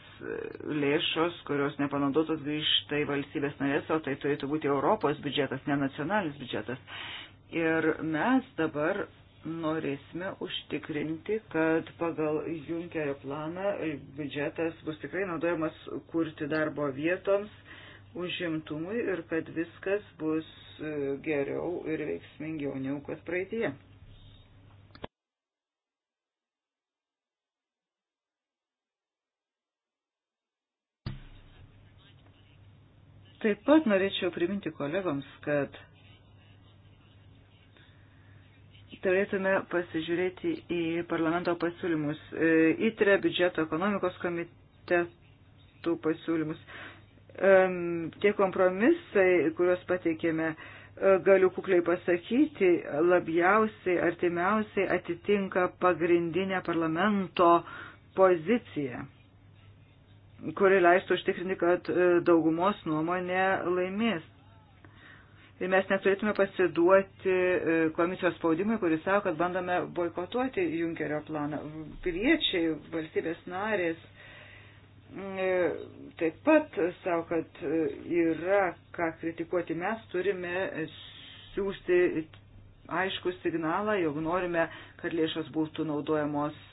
lėšos, kurios nepanaudotos grįžta į valstybės narės, o tai turėtų būti Europos biudžetas, ne nacionalinis biudžetas. Ir mes dabar norėsime užtikrinti, kad pagal Junkerio planą biudžetas bus tikrai naudojamas kurti darbo vietoms, užimtumui ir kad viskas bus e, geriau ir veiksmingiau negu kad praeitie. Taip pat norėčiau priminti kolegoms, kad turėtume pasižiūrėti į parlamento pasiūlymus, įtrė e, biudžeto ekonomikos komitetų pasiūlymus. Tie kompromisai, kuriuos pateikėme, e, galiu kukliai pasakyti, labiausiai, artimiausiai atitinka pagrindinę parlamento poziciją kuri leistų užtikrinti, kad e, daugumos nuomonė laimės. Ir mes neturėtume pasiduoti e, komisijos spaudimui, kuris sako, kad bandome boikotuoti Junkerio planą. Piliečiai, valstybės narės e, taip pat savo, kad yra ką kritikuoti. Mes turime siūsti aišku signalą, jog norime, kad lėšos būtų naudojamos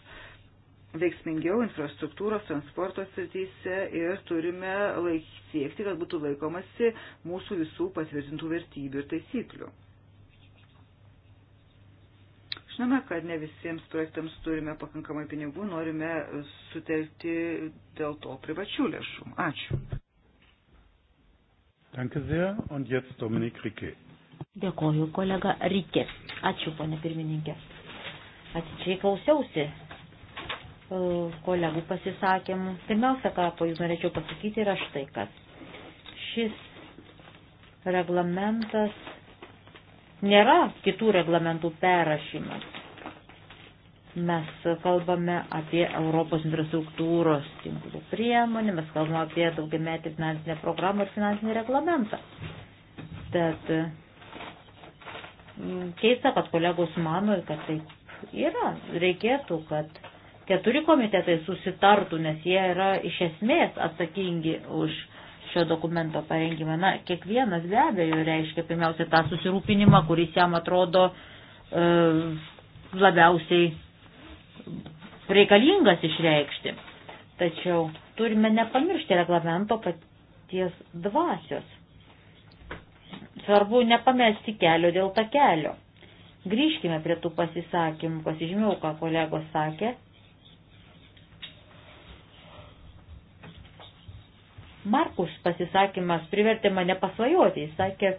veiksmingiau infrastruktūros, transporto srityse ir turime laik, siekti, kad būtų laikomasi mūsų visų patvirtintų vertybių ir taisyklių. Žinome, kad ne visiems projektams turime pakankamai pinigų, norime sutelkti dėl to privačių lėšų. Ačiū. Danke sehr und jetzt Dominik Rikė. Dėkoju, kolega Rikė. Ačiū, ponė pirmininkė. Atidžiai klausiausi E, kolegų pasisakymų. Pirmiausia, ką po jūs norėčiau pasakyti, yra štai kas. Šis reglamentas nėra kitų reglamentų perrašymas. Mes kalbame apie Europos infrastruktūros tinklų priemonę, mes kalbame apie daugiametį finansinę programą ir finansinį reglamentą. Tad mm, keista, kad kolegos mano, kad taip yra. Reikėtų, kad keturi komitetai susitartų, nes jie yra iš esmės atsakingi už šio dokumento parengimą. Na, kiekvienas be abejo reiškia pirmiausia tą susirūpinimą, kuris jam atrodo e, labiausiai reikalingas išreikšti. Tačiau turime nepamiršti reglamento paties dvasios. Svarbu nepamesti kelio dėl ta kelio. Grįžkime prie tų pasisakymų, pasižymėjau, ką kolegos sakė. Markus pasisakymas privertė mane pasvajoti. Jis, sakė,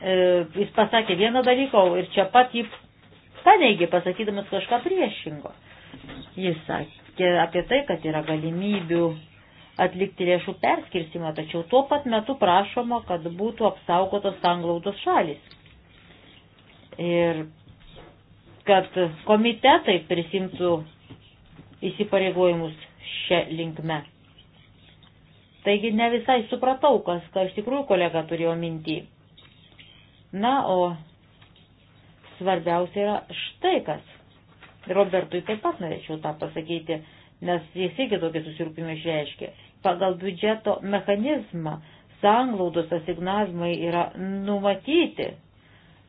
e, jis pasakė vieną dalyką ir čia pat jį paneigė, pasakydamas kažką priešingo. Jis sakė apie tai, kad yra galimybių atlikti lėšų perskirstimą, tačiau tuo pat metu prašoma, kad būtų apsaugotos anglaudos šalis. Ir kad komitetai prisimtų įsipareigojimus šią linkmę. Taigi ne visai supratau, kas, ką iš tikrųjų kolega turėjo mintį. Na, o svarbiausia yra štai kas. Robertui taip pat norėčiau tą pasakyti, nes jis irgi tokį susirūpimą išreiškė. Pagal biudžeto mechanizmą sanglaudos asignavimai yra numatyti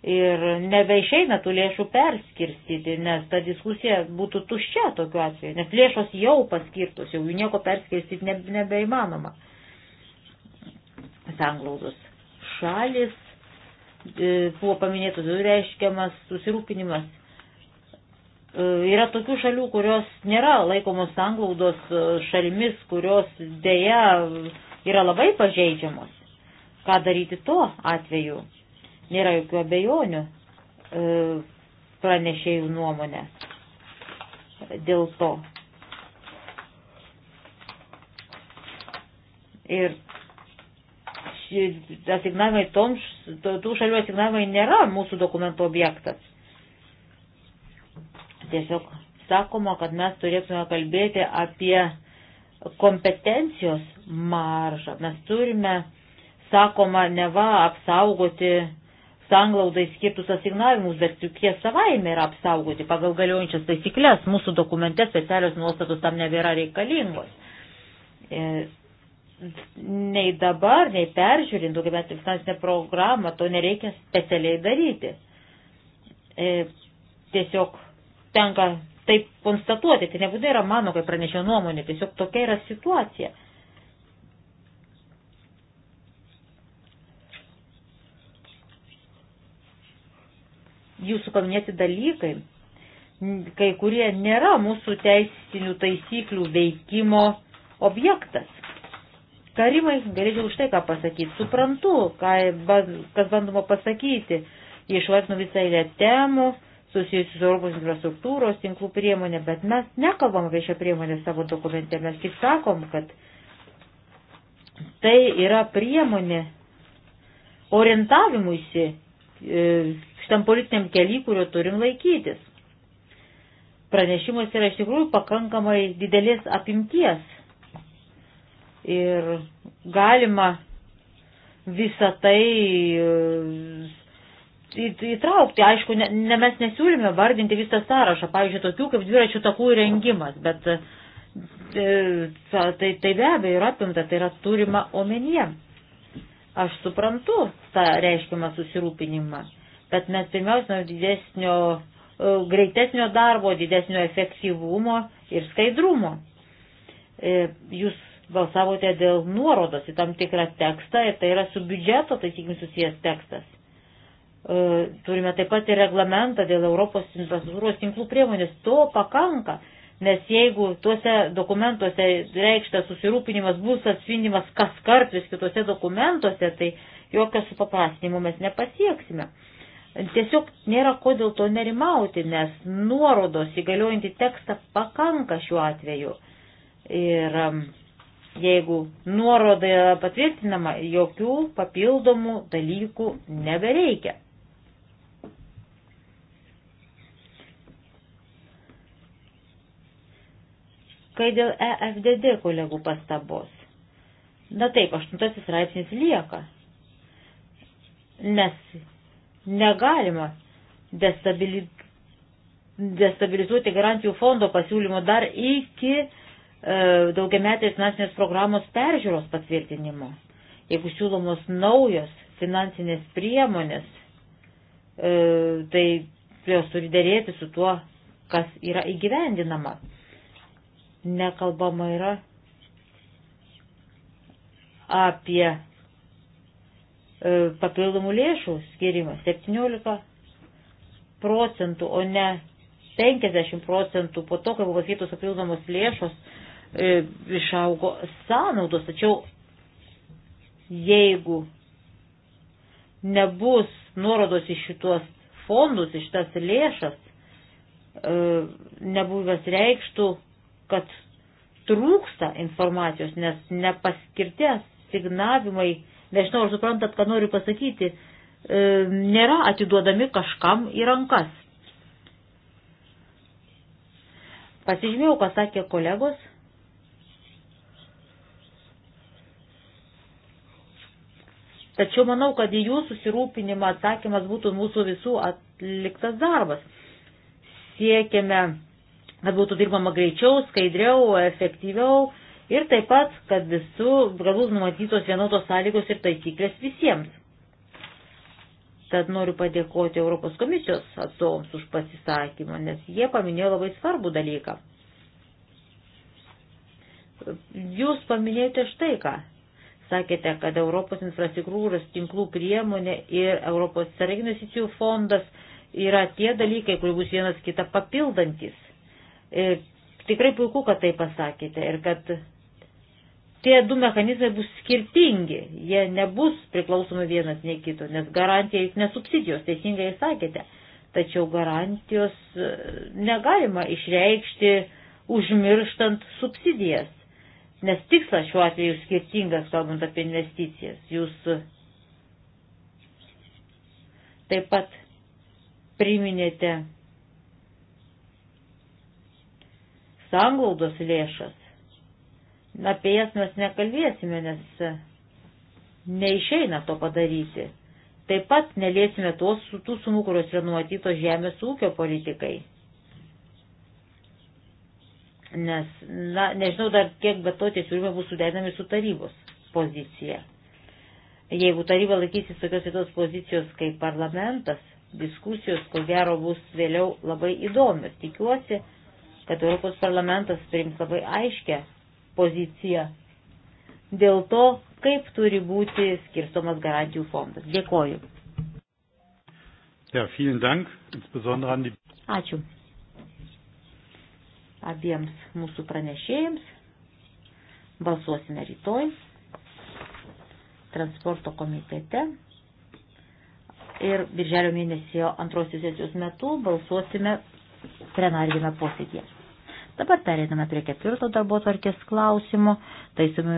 ir nebeišeina tų lėšų perskirstyti, nes ta diskusija būtų tuščia tokiu atveju, nes lėšos jau paskirtos, jau jų nieko perskirstyti nebe, nebeįmanoma. Sanglaudos šalis e, buvo paminėtas, reiškiamas susirūpinimas. E, yra tokių šalių, kurios nėra laikomos sanglaudos e, šalimis, kurios dėja yra labai pažeidžiamos. Ką daryti tuo atveju? Nėra jokių abejonių e, pranešėjų nuomonę dėl to. Ir asignavimai toms, tų šalių asignavimai nėra mūsų dokumento objektas. Tiesiog sakoma, kad mes turėtume kalbėti apie kompetencijos maržą. Mes turime, sakoma, neva apsaugoti sanglaudai skirtus asignavimus, bet juk jie savaime yra apsaugoti pagal galiojančias taisyklės. Mūsų dokumente specialios nuostatos tam nebėra reikalingos. E, nei dabar, nei peržiūrint daugiametį finansinę programą, to nereikia specialiai daryti. E, tiesiog tenka taip konstatuoti, tai nebūtinai yra mano, kaip pranešė nuomonė, tiesiog tokia yra situacija. jūsų paminėti dalykai, kai kurie nėra mūsų teisinių taisyklių veikimo objektas. Karimai, galėčiau už tai ką pasakyti, suprantu, ką, kas bandoma pasakyti, išvardinu visą eilę temų susijusius su Europos infrastruktūros tinklų priemonė, bet mes nekalbam apie šią priemonę savo dokumente, mes tik sakom, kad tai yra priemonė orientavimuisi E, šitam politiniam keliui, kurio turim laikytis. Pranešimas yra iš tikrųjų pakankamai didelės apimties ir galima visą tai e, įtraukti. Aišku, ne, ne mes nesiūlyme vardinti visą sąrašą, pavyzdžiui, tokių kaip dviračių takų įrengimas, bet e, tai, tai be abejo yra apimta, tai yra turima omenyje. Aš suprantu tą reiškiamą susirūpinimą, bet mes pirmiausia nuo didesnio, e, greitesnio darbo, didesnio efektyvumo ir skaidrumo. E, jūs balsavote dėl nuorodos į tam tikrą tekstą ir tai yra su biudžeto taisyklimis susijęs tekstas. E, turime taip pat ir reglamentą dėl Europos infrastruktūros tinklų priemonės. To pakanka nes jeigu tuose dokumentuose reikštas susirūpinimas bus atspindimas kas kart vis kitose dokumentuose, tai jokio supaprastinimo mes nepasieksime. Tiesiog nėra ko dėl to nerimauti, nes nuorodos įgaliojantį tekstą pakanka šiuo atveju. Ir um, jeigu nuoroda yra patvirtinama, jokių papildomų dalykų nebereikia. Kai dėl EFDD kolegų pastabos. Na taip, aštuntasis straipsnis lieka, nes negalima destabilizuoti garantijų fondo pasiūlymo dar iki e, daugiametės finansinės programos peržiūros patvirtinimo. Jeigu siūlomos naujos finansinės priemonės, e, tai jos turi dėrėti su tuo, kas yra įgyvendinama nekalbama yra apie e, papildomų lėšų skirimą 17 procentų, o ne 50 procentų po to, kai buvo skirtos papildomos lėšos, e, išaugo sąnaudos. Tačiau jeigu nebus nuorodos iš šituos fondus, iš tas lėšas, e, nebuvęs reikštų kad trūksta informacijos, nes nepaskirti asignavimai, nežinau, ar suprantat, ką noriu pasakyti, e, nėra atiduodami kažkam į rankas. Pasižymėjau, ką sakė kolegos. Tačiau manau, kad į jų susirūpinimą atsakymas būtų mūsų visų atliktas darbas. Siekėme kad būtų dirbama greičiau, skaidriau, efektyviau ir taip pat, kad visų, kad būtų numatytos vienodos sąlygos ir taisyklės visiems. Tad noriu padėkoti Europos komisijos atstovams už pasisakymą, nes jie paminėjo labai svarbų dalyką. Jūs paminėjote štai ką. Sakėte, kad Europos infrastruktūros tinklų priemonė ir Europos investicijų fondas yra tie dalykai, kurie bus vienas kitą papildantis Ir e, tikrai puiku, kad tai pasakėte ir kad tie du mechanizmai bus skirtingi, jie nebus priklausomi vienas nei kito, nes garantija juk nesubsidijos, teisingai sakėte, tačiau garantijos e, negalima išreikšti užmirštant subsidijas, nes tikslas šiuo atveju skirtingas, kalbant apie investicijas. Jūs taip pat priminėte sanglaudos lėšas. Apie jas mes nekalbėsime, nes neišeina to padaryti. Taip pat neliesime tos tų sumų, kurios yra numatytos žemės ūkio politikai. Nes, na, nežinau dar kiek, bet to tie siūlymai bus suderinami su tarybos pozicija. Jeigu taryba laikysis tokios kitos pozicijos kaip parlamentas, diskusijos, ko gero, bus vėliau labai įdomios. Tikiuosi, kad Europos parlamentas priims labai aiškę poziciją dėl to, kaip turi būti skirstomas garantijų fondas. Dėkoju. Ja, vielen Dank, insbesondere an die. Ačiū. Abiems mūsų pranešėjams. Balsuosime rytoj transporto komitete ir birželio mėnesio antrosios sesijos metu balsuosime plenarinėme posėdėje. Dabar pereiname prie ketvirto darbo tvarkės klausimo. Taisime,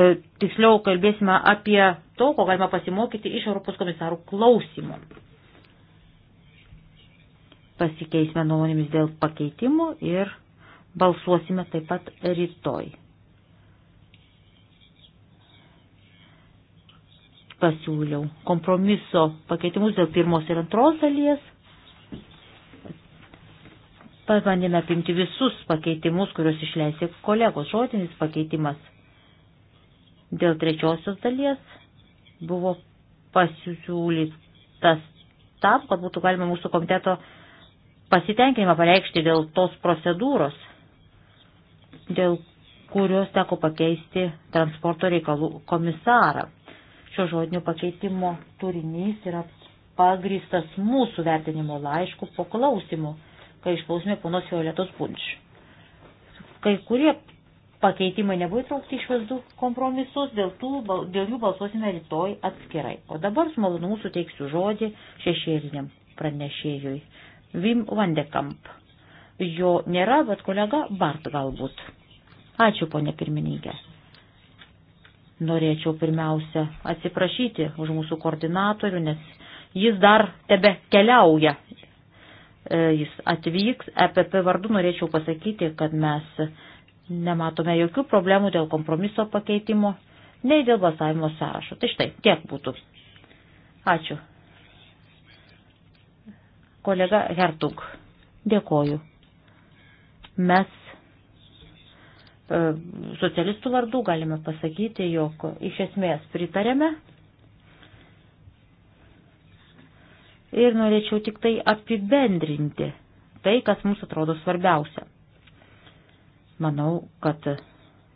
e, tiksliau kalbėsime apie to, ko galima pasimokyti iš Europos komisarų klausimų. Pasikeisime nuomonėmis dėl pakeitimų ir balsuosime taip pat rytoj. pasiūliau kompromiso pakeitimus dėl pirmos ir antros dalies. Pabandėme apimti visus pakeitimus, kuriuos išleisė kolegos žodinis pakeitimas. Dėl trečiosios dalies buvo pasiūlytas tam, kad būtų galima mūsų komiteto pasitenkinimą pareikšti dėl tos procedūros, dėl kurios teko pakeisti transporto reikalų komisarą. Šio žodinio pakeitimo turinys yra pagristas mūsų vertinimo laiškų po klausimų kai išklausime ponos Violetos Punč. Kai kurie pakeitimai nebuvo įtraukti iš vaizdų kompromisus, dėl, tų, dėl jų balsuosime rytoj atskirai. O dabar su malonumu suteiksiu žodį šešėliniam pranešėjui Vim Vandekamp. Jo nėra, bet kolega Bart galbūt. Ačiū, ponė pirmininkė. Norėčiau pirmiausia atsiprašyti už mūsų koordinatorių, nes jis dar tebe keliauja E, jis atvyks. EPP vardu norėčiau pasakyti, kad mes nematome jokių problemų dėl kompromiso pakeitimo, nei dėl balsavimo sąrašo. Tai štai, tiek būtų. Ačiū. Kolega Hertug, dėkoju. Mes e, socialistų vardų galime pasakyti, jog iš esmės pritarėme ir norėčiau tik tai apibendrinti tai, kas mums atrodo svarbiausia. Manau, kad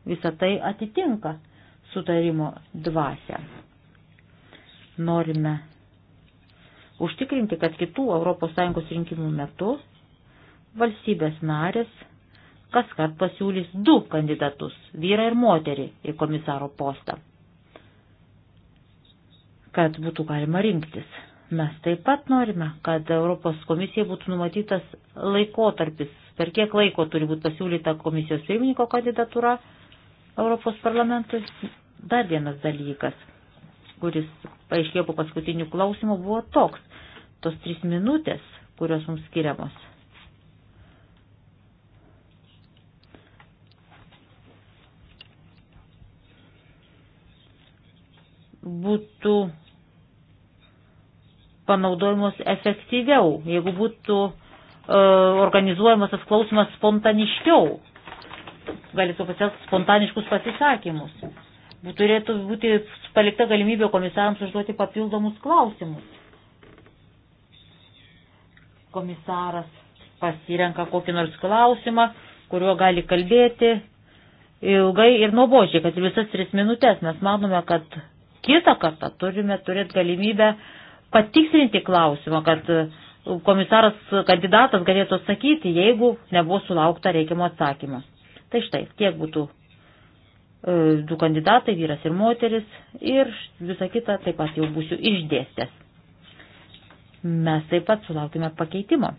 visa tai atitinka sutarimo dvasę. Norime užtikrinti, kad kitų ES rinkimų metu valstybės narės kas kart pasiūlys du kandidatus - vyrą ir moterį į komisaro postą, kad būtų galima rinktis. Mes taip pat norime, kad Europos komisijai būtų numatytas laikotarpis, per kiek laiko turi būti pasiūlyta komisijos pirmininko kandidatūra Europos parlamentui. Dar vienas dalykas, kuris paaiškėjo po paskutinių klausimų, buvo toks. Tos trys minutės, kurios mums skiriamos. Būtų panaudojamos efektyviau, jeigu būtų e, organizuojamas tas klausimas spontaniškiau, galėtų pasielgti spontaniškus pasisakymus. Turėtų būti palikta galimybė komisarams užduoti papildomus klausimus. Komisaras pasirenka kokį nors klausimą, kuriuo gali kalbėti ilgai ir nuobodžiai, kad visas tris minutės mes manome, kad kitą kartą turime turėti galimybę uh, patikslinti klausimą, kad e, komisaras kandidatas galėtų atsakyti, jeigu nebuvo sulaukta reikiamo atsakymo. Tai štai, tiek būtų e, du kandidatai, vyras ir moteris, ir visa kita taip pat jau būsiu išdėstęs. Mes taip pat sulaukime pakeitimo.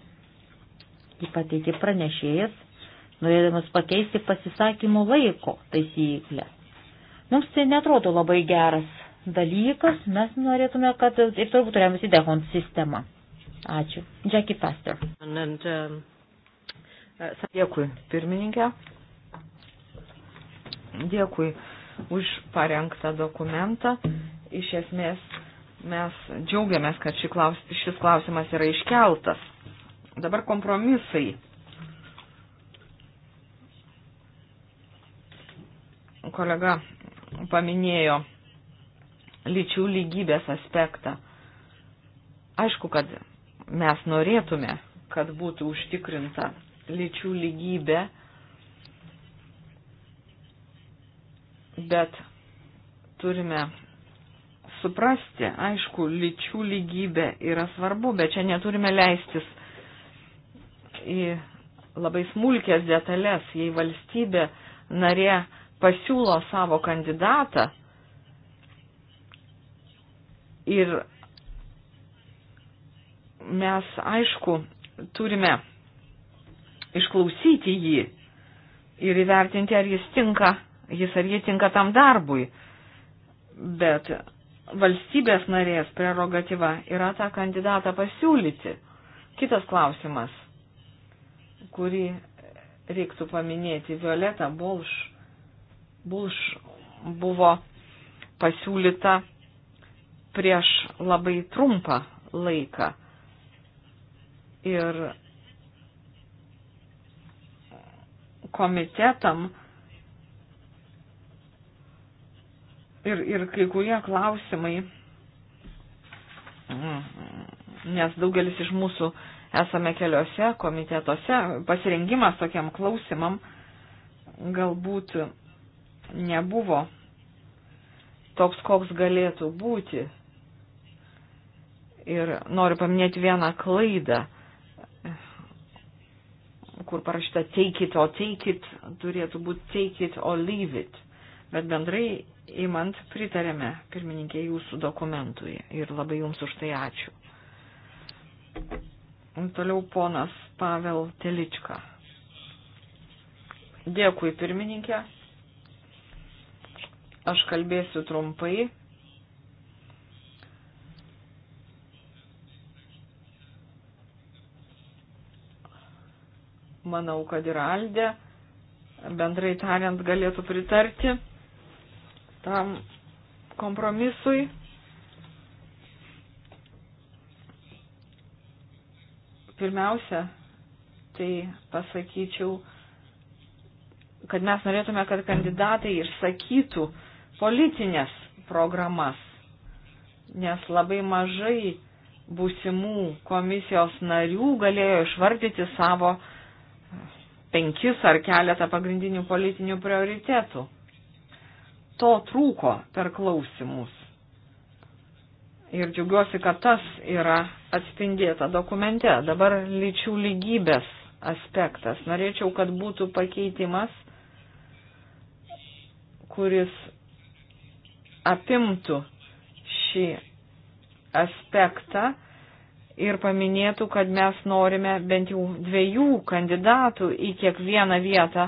Jį pateikė pranešėjas, norėdamas pakeisti pasisakymų laiko taisyklę. Mums tai netrodo labai geras dalykas, mes norėtume, kad ir turbūt remiasi Dehont sistema. Ačiū. Jackie Faster. And, um, uh, Dėkui, pirmininkė. Dėkui už parengtą dokumentą. Iš esmės mes džiaugiamės, kad klaus, šis klausimas yra iškeltas. Dabar kompromisai. Kolega paminėjo lyčių lygybės aspektą. Aišku, kad mes norėtume, kad būtų užtikrinta lyčių lygybė, bet turime suprasti, aišku, lyčių lygybė yra svarbu, bet čia neturime leistis į labai smulkės detalės, jei valstybė narė pasiūlo savo kandidatą, Ir mes, aišku, turime išklausyti jį ir įvertinti, ar jis tinka, jis ar jie tinka tam darbui. Bet valstybės narės prerogatyva yra tą kandidatą pasiūlyti. Kitas klausimas, kurį reiktų paminėti, Violeta Bulš, Bulš buvo pasiūlyta prieš labai trumpą laiką. Ir komitetam ir, ir kai kurie klausimai, nes daugelis iš mūsų esame keliose komitetuose, pasirengimas tokiam klausimam galbūt nebuvo toks, koks galėtų būti. Ir noriu paminėti vieną klaidą, kur parašyta take it or take it, turėtų būti take it or leave it. Bet bendrai įmant pritarėme, pirmininkė, jūsų dokumentui ir labai jums už tai ačiū. Toliau ponas Pavel Telička. Dėkui, pirmininkė. Aš kalbėsiu trumpai. manau, kad ir Aldė bendrai tariant galėtų pritarti tam kompromisui. Pirmiausia, tai pasakyčiau, kad mes norėtume, kad kandidatai išsakytų politinės programas, nes labai mažai būsimų komisijos narių galėjo išvardyti savo uh, penkis ar keletą pagrindinių politinių prioritetų. To trūko per klausimus. Ir džiaugiuosi, kad tas yra atspindėta dokumente. Dabar lyčių lygybės aspektas. Norėčiau, kad būtų pakeitimas, kuris apimtų šį aspektą ir paminėtų, kad mes norime bent jau dviejų kandidatų į kiekvieną vietą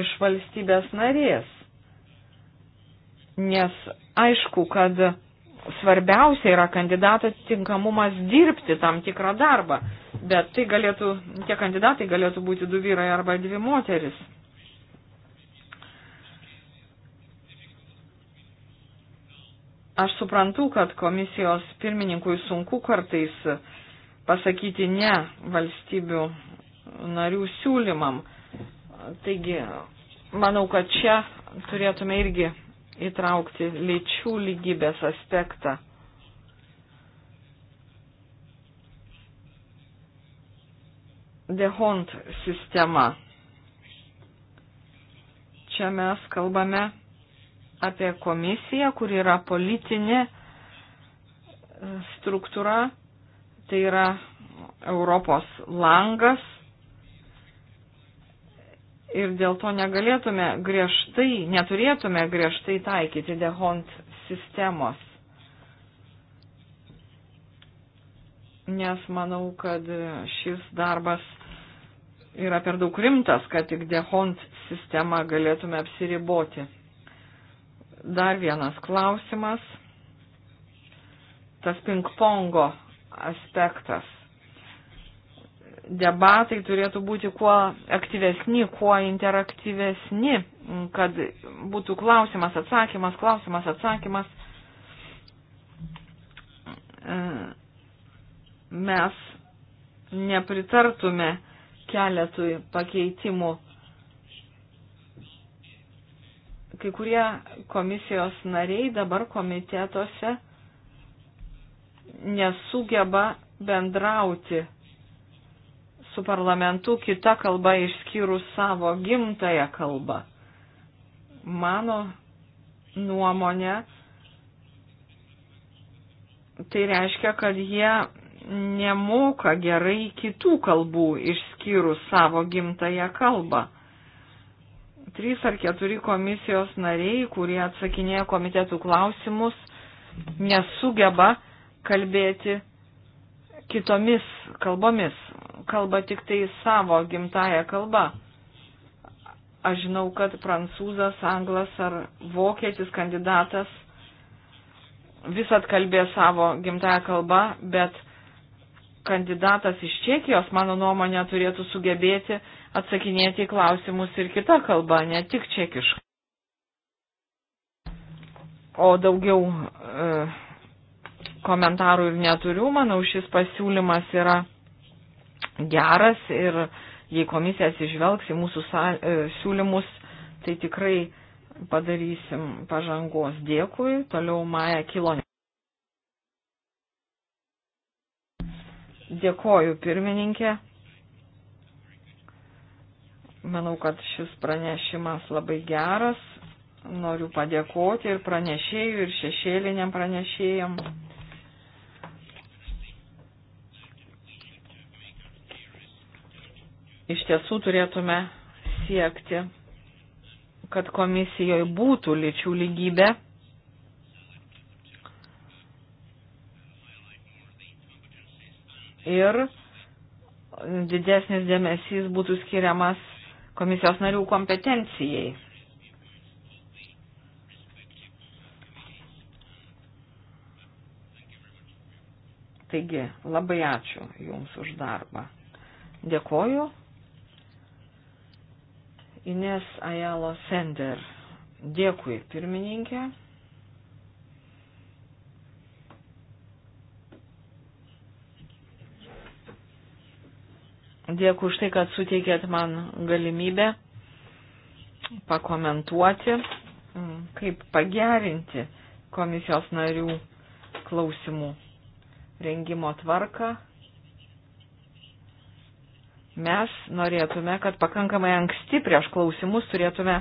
iš valstybės narės. Nes aišku, kad svarbiausia yra kandidato tinkamumas dirbti tam tikrą darbą, bet tai galėtų, tie kandidatai galėtų būti du vyrai arba dvi moteris. Aš suprantu, kad komisijos pirmininkui sunku kartais pasakyti ne valstybių narių siūlymam. Taigi, manau, kad čia turėtume irgi įtraukti lyčių lygybės aspektą. Dehont sistema. Čia mes kalbame apie komisiją, kuri yra politinė e, struktūra, tai yra Europos langas. Ir dėl to negalėtume griežtai, neturėtume griežtai taikyti dehont sistemos. Nes manau, kad šis darbas yra per daug rimtas, kad tik dehont sistema galėtume apsiriboti. Dar vienas klausimas. Tas ping-pongo aspektas. Debatai turėtų būti kuo aktyvesni, kuo interaktyvesni, kad būtų klausimas, atsakymas, klausimas, atsakymas. E, mes nepritartume keletui pakeitimų kai kurie komisijos nariai dabar komitetuose nesugeba bendrauti su parlamentu kita kalba išskyrus savo gimtają kalbą. Mano nuomonė, tai reiškia, kad jie nemoka gerai kitų kalbų išskyrus savo gimtają kalbą trys ar keturi komisijos nariai, kurie atsakinėja komitetų klausimus, nesugeba kalbėti kitomis kalbomis, kalba tik tai savo gimtają kalbą. Aš žinau, kad prancūzas, anglas ar vokietis kandidatas visat kalbė savo gimtają kalbą, bet kandidatas iš Čekijos, mano nuomonė, turėtų sugebėti atsakinėti į klausimus ir kitą kalbą, ne tik čekišką. O daugiau e, komentarų ir neturiu, manau, šis pasiūlymas yra geras ir jei komisija atsižvelgs į mūsų sa, e, siūlymus, tai tikrai padarysim pažangos. Dėkui, toliau Maja Kilonė. Dėkoju pirmininkė. Manau, kad šis pranešimas labai geras. Noriu padėkoti ir pranešėjų, ir šešėliniam pranešėjam. Iš tiesų turėtume siekti, kad komisijoje būtų lyčių lygybė. ir didesnis dėmesys būtų skiriamas komisijos narių kompetencijai. Taigi, labai ačiū Jums už darbą. Dėkoju. Ines Ajalo Sender. Dėkui, pirmininkė. Dėkui už tai, kad suteikėt man galimybę pakomentuoti, mm, kaip pagerinti komisijos narių klausimų rengimo tvarką. Mes norėtume, kad pakankamai anksti prieš klausimus turėtume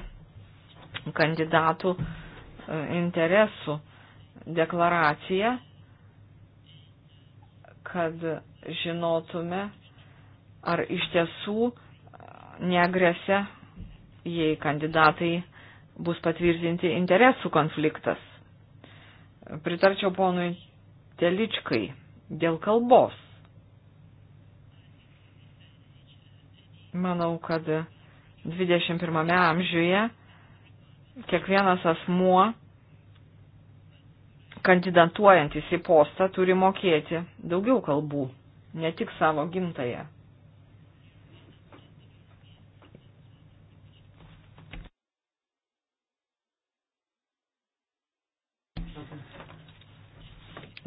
kandidatų e, interesų deklaraciją, kad žinotume, ar iš tiesų e, negrėsia, jei kandidatai bus patvirtinti interesų konfliktas. Pritarčiau ponui Teličkai dėl kalbos. Manau, kad 21 amžiuje kiekvienas asmuo, kandidatuojantis į postą, turi mokėti daugiau kalbų, ne tik savo gimtają.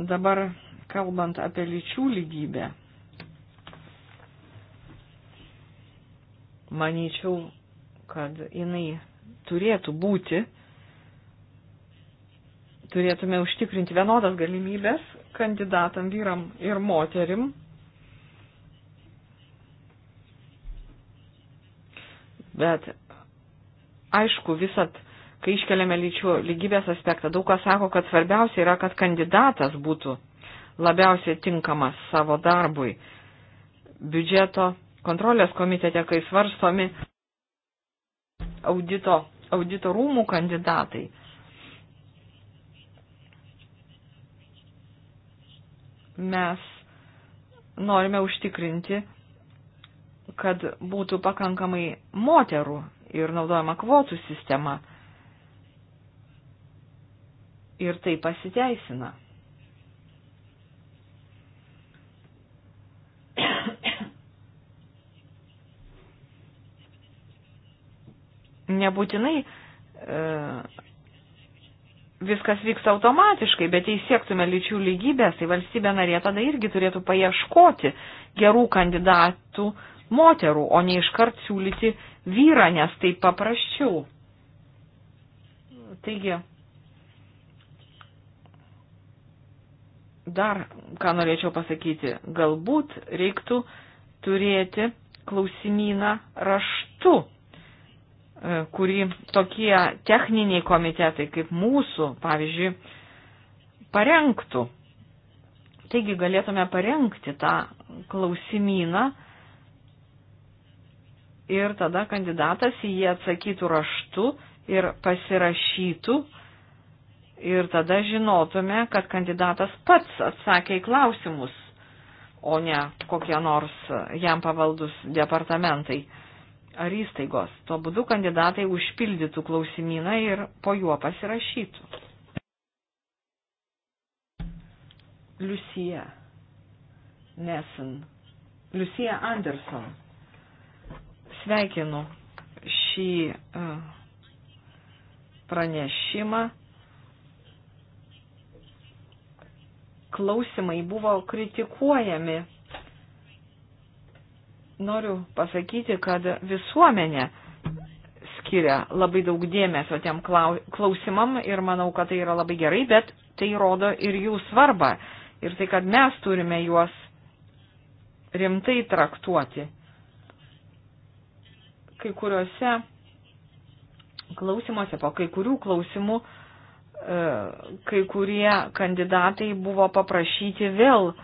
Dabar kalbant apie lyčių lygybę, manyčiau, kad jinai turėtų būti, turėtume užtikrinti vienodas galimybės kandidatam vyram ir moterim. Bet aišku, visat kai iškeliame lyčių lygybės aspektą, daug kas sako, kad svarbiausia yra, kad kandidatas būtų labiausiai tinkamas savo darbui. Biudžeto kontrolės komitete, kai svarstomi audito, audito rūmų kandidatai. Mes norime užtikrinti, kad būtų pakankamai moterų ir naudojama kvotų sistema ir tai pasiteisina. Nebūtinai e, viskas vyksta automatiškai, bet jei siektume lyčių lygybės, tai valstybė narė tada irgi turėtų paieškoti gerų kandidatų moterų, o ne iškart siūlyti vyrą, nes tai paprasčiau. Taigi, dar ką norėčiau pasakyti. Galbūt reiktų turėti klausimyną raštu, e, kurį tokie techniniai komitetai kaip mūsų, pavyzdžiui, parengtų. Taigi galėtume parengti tą klausimyną ir tada kandidatas į jį atsakytų raštu ir pasirašytų, uh, ir tada žinotume, kad kandidatas pats atsakė į klausimus, o ne kokie nors jam pavaldus departamentai ar įstaigos. Tuo būdu kandidatai užpildytų klausimyną ir po juo pasirašytų. Liusija Nesen. Liusija Anderson. Sveikinu šį e, pranešimą klausimai buvo kritikuojami. Noriu pasakyti, kad visuomenė skiria labai daug dėmesio tiem klausimam ir manau, kad tai yra labai gerai, bet tai rodo ir jų svarbą ir tai, kad mes turime juos rimtai traktuoti. Kai kuriuose klausimuose, po kai kurių klausimų, uh, E, kai kurie kandidatai buvo paprašyti vėl e,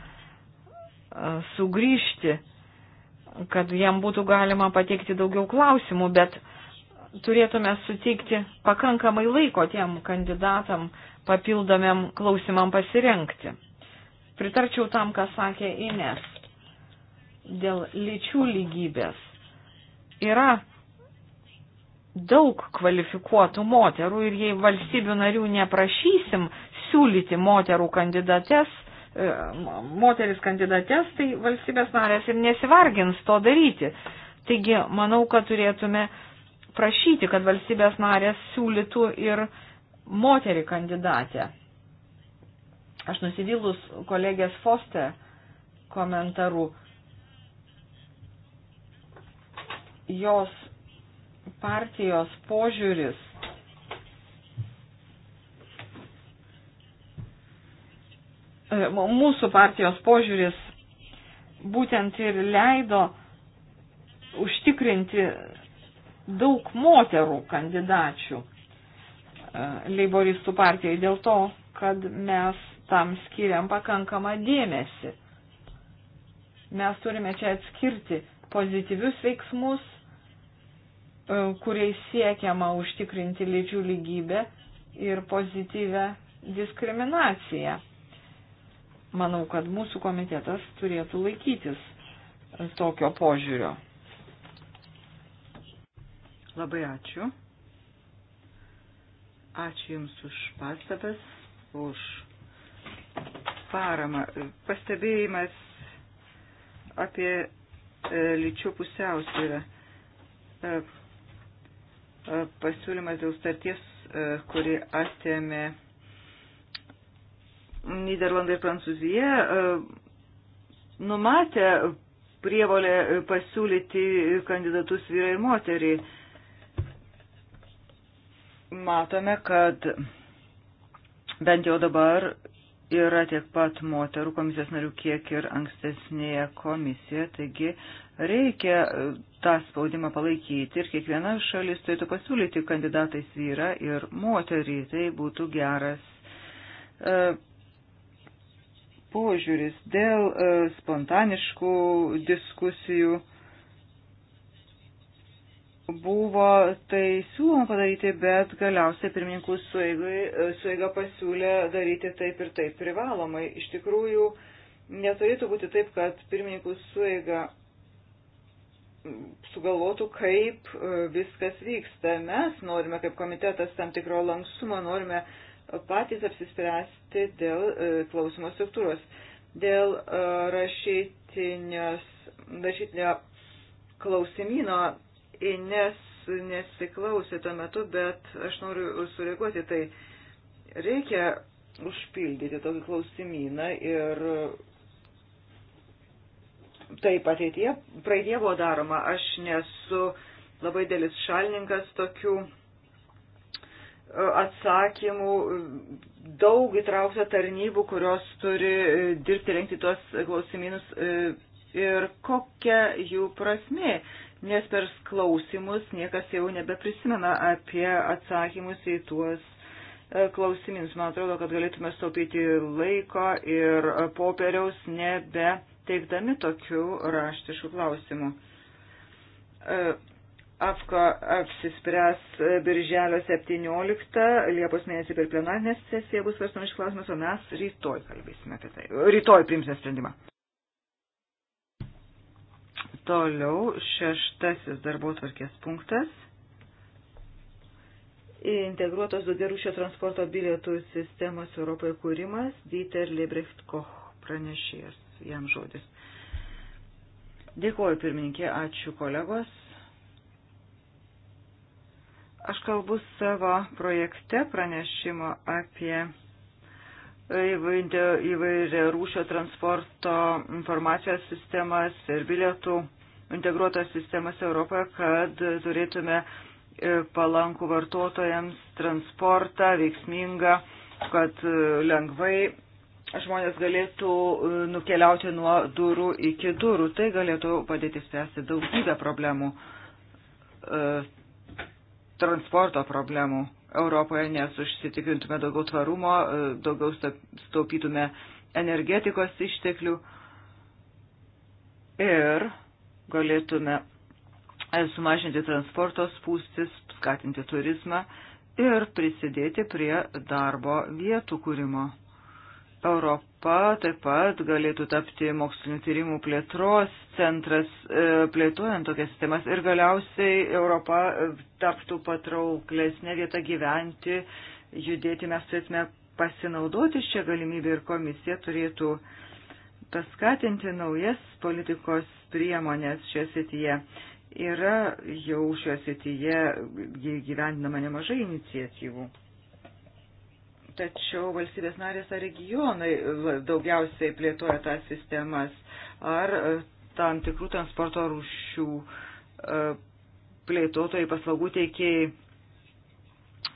sugrįžti, kad jam būtų galima pateikti daugiau klausimų, bet turėtume suteikti pakankamai laiko tiem kandidatam papildomiam klausimam pasirenkti. Pritarčiau tam, ką sakė Ines dėl lyčių lygybės. Yra daug kvalifikuotų moterų ir jei valstybių narių neprašysim siūlyti moterų kandidates, e, moteris kandidates, tai valstybės narės ir nesivargins to daryti. Taigi, manau, kad turėtume prašyti, kad valstybės narės siūlytų ir moterį kandidatę. Aš nusivylus kolegės Foste komentarų. Jos partijos požiūris e, mūsų partijos požiūris būtent ir leido užtikrinti daug moterų kandidačių e, leiboristų partijai dėl to, kad mes tam skiriam pakankamą dėmesį. Mes turime čia atskirti pozityvius veiksmus E, kuriais siekiama užtikrinti lyčių lygybę ir pozityvę diskriminaciją. Manau, kad mūsų komitetas turėtų laikytis tokio požiūrio. Labai ačiū. Ačiū Jums už pastabas, už paramą. Pastebėjimas apie e, lyčių pusiausvyrą e, E, pasiūlymas dėl starties, e, kuri atėmė Niderlandai ir Prancūzija, e, numatė prievolę pasiūlyti kandidatus vyrą ir moterį. Matome, kad bent jau dabar yra tiek pat moterų komisijos narių, kiek ir ankstesnėje komisijoje, taigi Reikia e, tą spaudimą palaikyti ir kiekviena šalis turėtų pasiūlyti kandidatais vyrą ir moterį. Tai būtų geras e, požiūris dėl e, spontaniškų diskusijų. Buvo tai siūloma padaryti, bet galiausiai pirmininkų suėga e, pasiūlė daryti taip ir taip privalomai. Iš tikrųjų, neturėtų būti taip, kad pirmininkų suėga sugalvotų, kaip e, viskas vyksta. Mes norime, kaip komitetas, tam tikro lankstumo, norime patys apsispręsti dėl e, klausimo struktūros. Dėl e, rašytinio klausimino Ines nesiklausė tuo metu, bet aš noriu sureaguoti. Tai reikia užpildyti tokį klausimyną ir taip ateityje, praeitie buvo daroma. Aš nesu labai dėlis šalininkas tokių e, atsakymų. Daug įtraukta tarnybų, kurios turi e, dirbti, rengti tuos klausimynus e, ir kokia jų prasme. Nes per klausimus niekas jau nebeprisimena apie atsakymus į tuos klausimins. Man atrodo, kad galėtume staupyti laiko ir popieriaus nebe teikdami tokių raštiškų klausimų. E, AFKA apsispręs birželio 17, Liepos mėnesį per plenarinę sesiją bus svarstama iš klausimas, o mes rytoj kalbėsime apie tai. Rytoj priimsime sprendimą. Toliau šeštasis darbo tvarkės punktas. Integruotos daugiarūšio transporto bilietų sistemos Europoje kūrimas Dieter Lebrecht Koch pranešėjas jam žodis. Dėkuoju pirmininkė, ačiū kolegos. Aš kalbu savo projekte pranešimo apie įvairia rūšio transporto informacijos sistemas ir bilietų integruotas sistemas Europoje, kad turėtume e, palankų vartotojams transportą veiksmingą, kad e, lengvai žmonės galėtų e, nukeliauti nuo durų iki durų. Tai galėtų padėti spręsti daugybę problemų, e, transporto problemų Europoje, nes užsitikrintume daugiau tvarumo, e, daugiau staupytume energetikos išteklių ir galėtume sumažinti transporto spūstis, skatinti turizmą ir prisidėti prie darbo vietų kūrimo. Europa taip pat galėtų tapti mokslinio tyrimų plėtros centras, e, plėtojant tokias sistemas ir galiausiai Europa e, taptų patrauklesnė vieta gyventi, judėti. Mes turėtume pasinaudoti šią galimybę ir komisija turėtų paskatinti naujas politikos priemonės šioje srityje. Yra jau šioje srityje gyvendinama nemažai iniciatyvų tačiau valstybės narės ar regionai daugiausiai plėtoja tas sistemas ar e, tam tikrų transporto rūšių e, plėtotojai paslaugų teikėjai.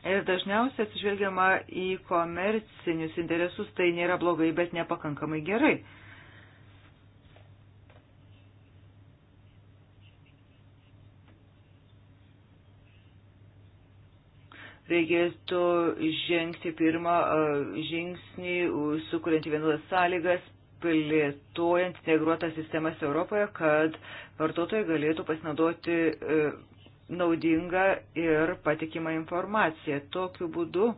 Ir dažniausiai atsižvelgiama į komercinius interesus, tai nėra blogai, bet nepakankamai gerai. reikėtų žengti pirmą žingsnį, sukuriant vienodas sąlygas, plėtojant integruotas sistemas Europoje, kad vartotojai galėtų pasinaudoti e, naudingą ir patikimą informaciją. Tokiu būdu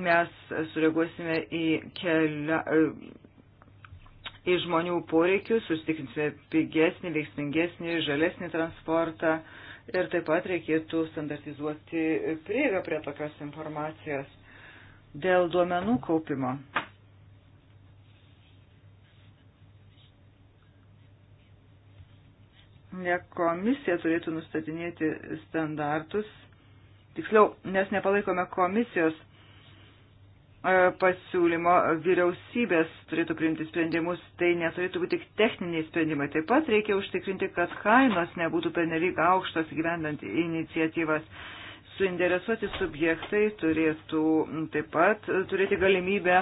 mes sureaguosime į kelią e, į žmonių poreikius, susitikinsime pigesnį, veiksmingesnį, žalesnį transportą, ir taip pat reikėtų standartizuoti prieigą prie tokios informacijos dėl duomenų kaupimo. Ne komisija turėtų nustatinėti standartus, tiksliau, nes nepalaikome komisijos E, pasiūlymo vyriausybės turėtų priimti sprendimus, tai neturėtų būti tik techniniai sprendimai. Taip pat reikia užtikrinti, kad kainos nebūtų pernelyg aukštos gyvendant iniciatyvas. Suinteresuoti subjektai turėtų taip pat turėti galimybę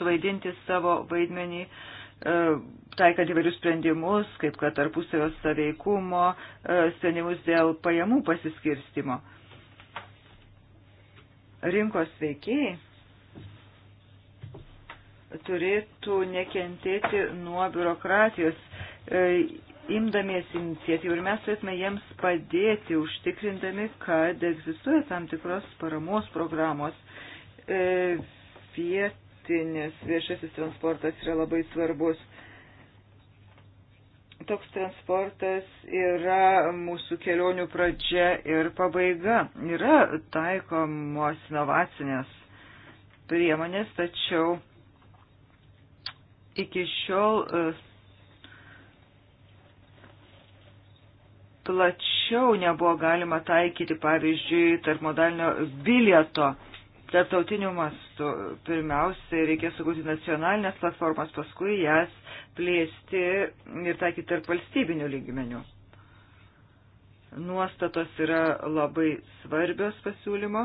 suvaidinti savo vaidmenį, e, taikant įvairius sprendimus, kaip kad tarpusavio saveikumo, e, sprendimus dėl pajamų pasiskirstimo. Rinkos veikiai turėtų nekentėti nuo biurokratijos, e, imdamies iniciatyvų ir mes turėtume jiems padėti, užtikrindami, kad egzistuoja tam tikros paramos programos. E, vietinis viešasis transportas yra labai svarbus toks transportas yra mūsų kelionių pradžia ir pabaiga. Yra taikomos inovacinės priemonės, tačiau iki šiol e, plačiau nebuvo galima taikyti, pavyzdžiui, tarpmodalinio bilieto tarptautiniu mastu. Pirmiausia, reikia sukurti nacionalinės platformas, paskui jas plėsti ir taikyti tarp valstybinių lygmenių. Nuostatos yra labai svarbios pasiūlymo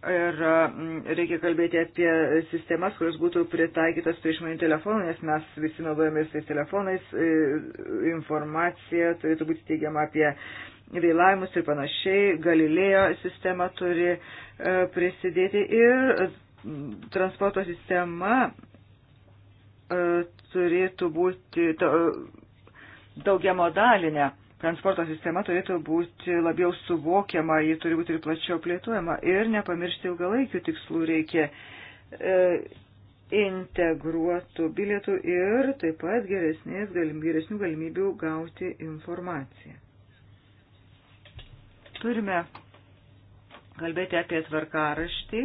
Ir mm, reikia kalbėti apie sistemas, kurios būtų pritaikytos prie išmanių telefonų, nes mes visi naudojamės tais telefonais, e, informacija turėtų būti teigiama apie vėlavimus ir panašiai, Galilėjo sistema turi e, prisidėti ir mm, transporto sistema e, turėtų būti daugiamodalinė transporto sistema turėtų būti labiau suvokiama, ji turi būti ir plačiau plėtojama. Ir nepamiršti ilgalaikių tikslų reikia e, integruotų bilietų ir taip pat geresnės, galim, geresnių galimybių gauti informaciją. Turime kalbėti apie tvarkaraštį.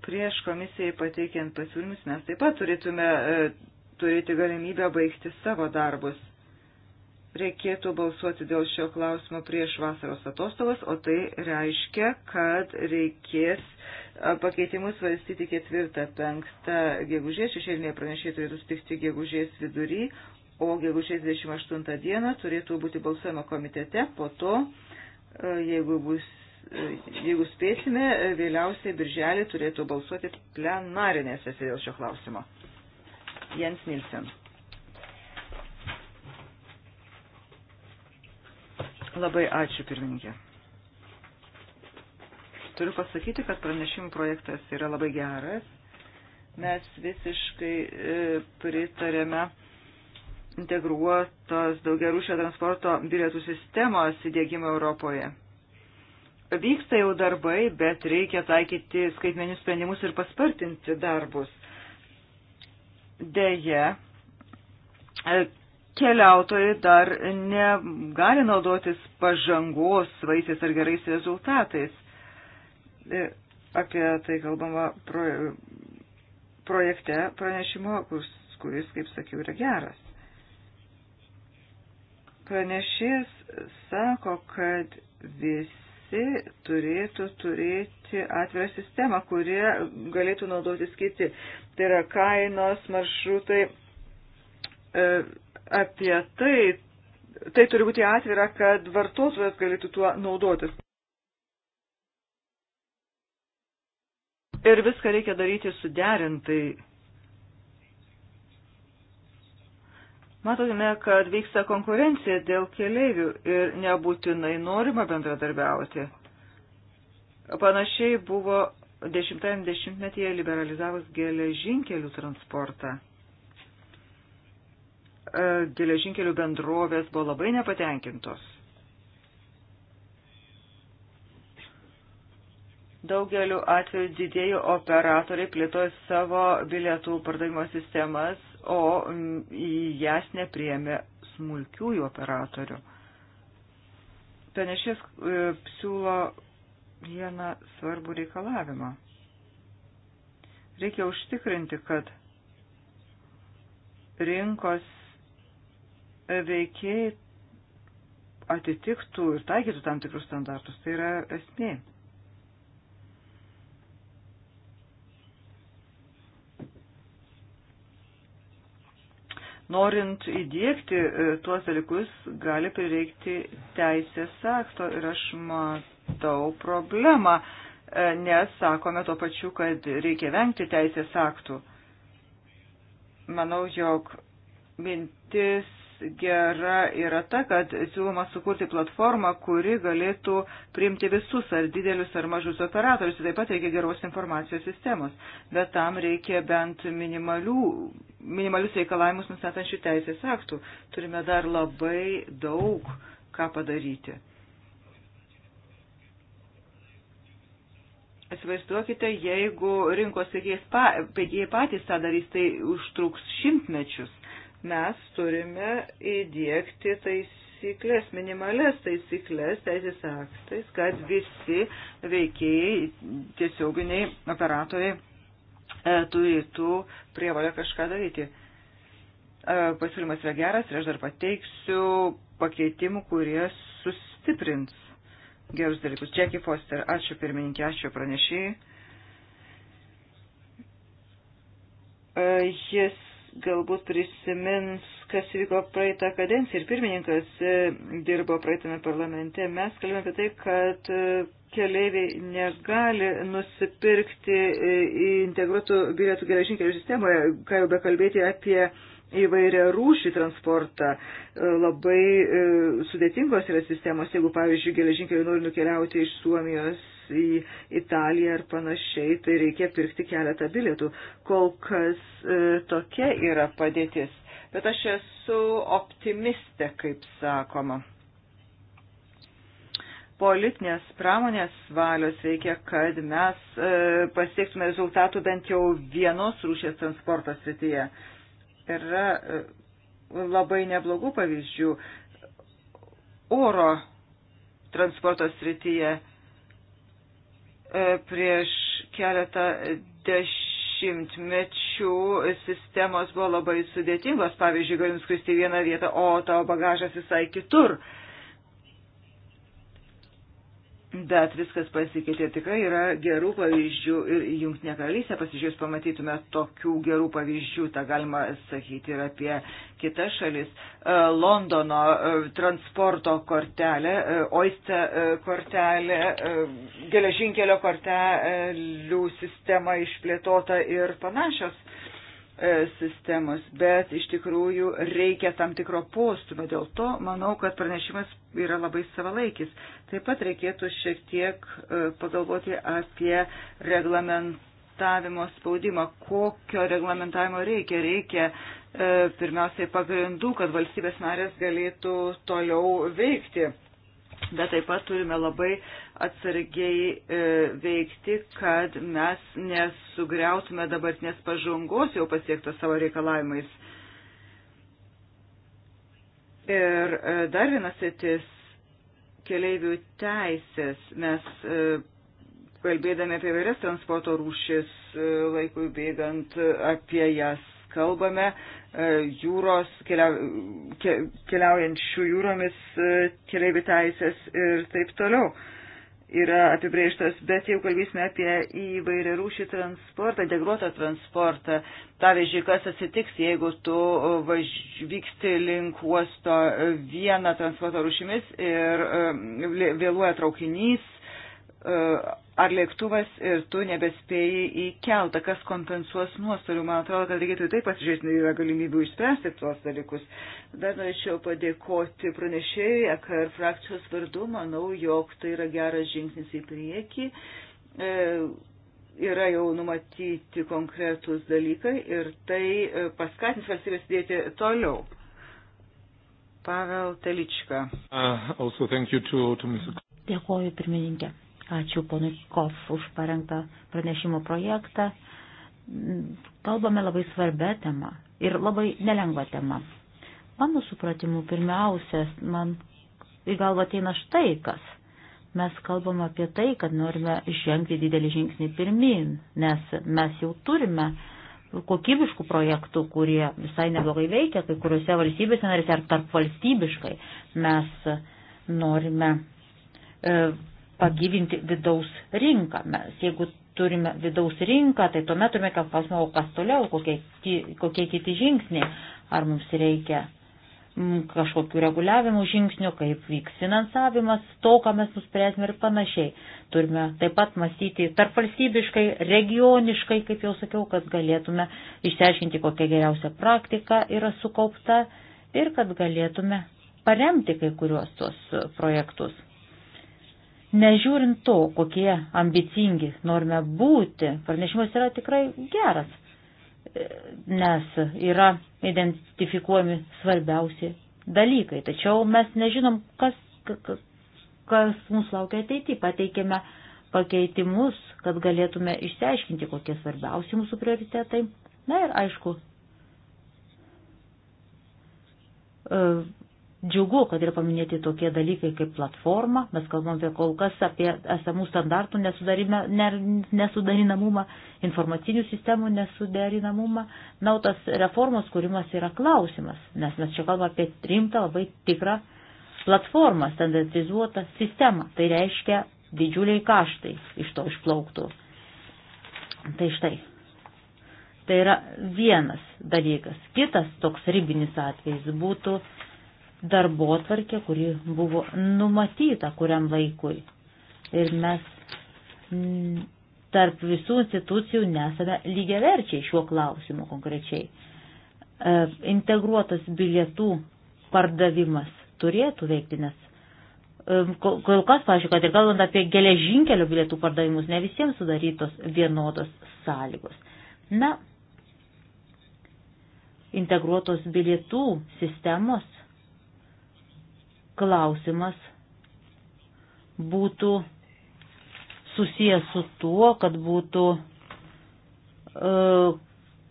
Prieš komisijai pateikiant pasiūlymus mes taip pat turėtume e, turėti galimybę baigti savo darbus reikėtų balsuoti dėl šio klausimo prieš vasaros atostogas, o tai reiškia, kad reikės pakeitimus valstyti ketvirtą, penktą gegužės, šešėlinėje pranešėjai turėtų stikti gegužės vidury, o gegužės 28 dieną turėtų būti balsuojama komitete, po to, jeigu bus. Jeigu spėsime, vėliausiai birželį turėtų balsuoti plenarinė sesija dėl šio klausimo. Jens Nilsen. Labai ačiū, pirmininkė. Turiu pasakyti, kad pranešimų projektas yra labai geras. Mes visiškai e, pritarėme integruotos daugiarūšio transporto bilietų sistemos įdėgymą Europoje. Vyksta jau darbai, bet reikia taikyti skaitmenius sprendimus ir paspartinti darbus. Deja, e, keliautojai dar negali naudotis pažangos vaisiais ar gerais rezultatais. E, apie tai kalbama pro, projekte pranešimo, kuris, kuris, kaip sakiau, yra geras. Pranešės sako, kad visi turėtų turėti atvirą sistemą, kurie galėtų naudotis kiti. Tai yra kainos, maršrutai, e, apie tai, tai turi būti atvira, kad vartotojas galėtų tuo naudotis. Ir viską reikia daryti suderintai. Matome, kad vyksta konkurencija dėl keleivių ir nebūtinai norima bendradarbiauti. Panašiai buvo 10-metyje -10 liberalizavus geležinkelių transportą. E, geležinkelių bendrovės buvo labai nepatenkintos. Daugeliu atveju didėjų operatoriai plėtojo savo bilietų pardavimo sistemas, o į jas nepriemė smulkiųjų operatorių. Penešės e, siūlo vieną svarbų reikalavimą. Reikia užtikrinti, kad rinkos veikiai atitiktų ir taikytų tam tikrus standartus. Tai yra esmė. Norint įdėkti e, tuos dalykus, gali prireikti teisės akto ir aš matau problemą, e, nes sakome tuo pačiu, kad reikia vengti teisės aktų. Manau, jog mintis gera yra ta, kad siūloma sukurti platformą, kuri galėtų priimti visus ar didelius ar mažus operatorius. Taip pat reikia geros informacijos sistemos, bet tam reikia bent minimalių, minimalius reikalavimus nustatančių teisės aktų. Turime dar labai daug ką padaryti. Įsivaizduokite, jeigu rinkos veikėjai patys tą darys, tai užtruks šimtmečius mes turime įdėkti taisyklės, minimales taisyklės teisės aktais, kad visi veikėjai, tiesioginiai operatoriai e, turėtų prievalę kažką daryti. E, pasiūlymas yra geras ir aš dar pateiksiu pakeitimų, kurie sustiprins gerus dalykus. Jackie Foster, ačiū pirmininkė, ačiū pranešėjai. E, jis galbūt prisimins, kas vyko praeitą kadenciją ir pirmininkas e, dirbo praeitame parlamente. Mes kalbėjome apie tai, kad e, keleiviai negali nusipirkti e, integruotų bilietų geležinkelių sistemoje, ką jau bekalbėti apie įvairia rūšį transportą. Labai sudėtingos yra sistemos, jeigu, pavyzdžiui, geležinkeliu nori nukeliauti iš Suomijos į Italiją ir panašiai, tai reikia pirkti keletą bilietų. Kol kas e, tokia yra padėtis. Bet aš esu optimistė, kaip sakoma. Politinės pramonės valios reikia, kad mes e, pasiektume rezultatų bent jau vienos rūšės transporto srityje. Yra e, labai neblogų pavyzdžių. Oro transporto srityje E, prieš keletą dešimtmečių sistemos buvo labai sudėtingos. Pavyzdžiui, galim skristi į vieną vietą, o tavo bagažas visai kitur. E, Bet viskas pasikeitė. Tikrai yra gerų pavyzdžių ir Junktinė karalystė pasižiūrėjus pamatytume tokių gerų pavyzdžių, tą galima sakyti ir apie kitas šalis. E, Londono e, transporto kortelė, e, oiste kortelė, geležinkelio kortelių sistema išplėtota ir panašios E, sistemos, bet iš tikrųjų reikia tam tikro postumio. Dėl to manau, kad pranešimas yra labai savalaikis. Taip pat reikėtų šiek tiek e, pagalvoti apie reglamentavimo spaudimą. Kokio reglamentavimo reikia? Reikia e, pirmiausiai pagrindų, kad valstybės narės galėtų toliau veikti bet taip pat turime labai atsargiai e, veikti, kad mes nesugriautume dabartinės pažangos jau pasiektos savo reikalavimais. Ir e, dar vienas sėtis - keleivių teisės. Mes e, kalbėdami apie vairias transporto rūšis e, laikui bėgant e, apie jas kalbame, E, jūros, keliau, ke, keliaujančių jūromis e, keliaivių teisės ir taip toliau yra apibrėžtas, bet jeigu kalbėsime apie įvairią rūšį transportą, degruotą transportą, pavyzdžiui, kas atsitiks, jeigu tu e, važ... vyksti link uosto vieną transporto rūšimis ir vėluoja traukinys, ar lėktuvas ir tu nebespėjai į keltą, kas kompensuos nuostolių. Man atrodo, kad reikėtų taip pasižiūrėti, yra galimybių išspręsti tuos dalykus. Dar norėčiau padėkoti pranešėjai, EKR frakcijos vardu, manau, jog tai yra geras žingsnis į priekį. E, Yra jau numatyti konkretus dalykai ir tai e, paskatins valstybės dėti toliau. Pavel Teličką. Uh, to, to Dėkoju, pirmininkė. Ačiū ponui Kof už parengtą pranešimo projektą. Kalbame labai svarbę temą ir labai nelengvą temą. Mano supratimu, pirmiausias man į galvą ateina štai kas. Mes kalbame apie tai, kad norime žengti didelį žingsnį pirmin, nes mes jau turime kokybiškų projektų, kurie visai neblogai veikia, kai kuriuose valstybėse narėse ar tarp valstybiškai. Mes norime e, pagyvinti vidaus rinką. Mes, jeigu turime vidaus rinką, tai tuomet turime klausimą, o kas toliau, kokie, kokie kiti žingsniai, ar mums reikia mm, kažkokių reguliavimų žingsnių, kaip vyks finansavimas, to, ką mes nuspręsime ir panašiai. Turime taip pat mąstyti tarp valstybiškai, regioniškai, kaip jau sakiau, kad galėtume išsiaiškinti, kokia geriausia praktika yra sukaupta ir kad galėtume paremti kai kuriuos tuos projektus. Nežiūrint to, kokie ambicingi norime būti, pranešimas yra tikrai geras, nes yra identifikuojami svarbiausi dalykai. Tačiau mes nežinom, kas, kas mūsų laukia ateityje. Pateikėme pakeitimus, kad galėtume išsiaiškinti, kokie svarbiausi mūsų prioritetai. Na ir aišku, Džiugu, kad yra paminėti tokie dalykai kaip platforma, mes kalbam apie kol kas apie esamų standartų nesudarinamumą, informacinių sistemų nesuderinamumą. Na, o tas reformos kūrimas yra klausimas, nes mes čia kalbame apie rimtą, labai tikrą platformą, standartizuotą sistemą. Tai reiškia didžiuliai kaštai iš to išplauktų. Tai štai. Tai yra vienas dalykas. Kitas toks ribinis atvejis būtų darbo atvarkė, kuri buvo numatyta kuriam laikui. Ir mes mm, tarp visų institucijų nesame lygiaverčiai šiuo klausimu konkrečiai. E, integruotas bilietų pardavimas turėtų veikti, nes e, kol kas, pažiūrėjau, kad ir kalbant apie geležinkelio bilietų pardavimus, ne visiems sudarytos vienodos sąlygos. Na, integruotos bilietų sistemos klausimas būtų susijęs su tuo, kad būtų e,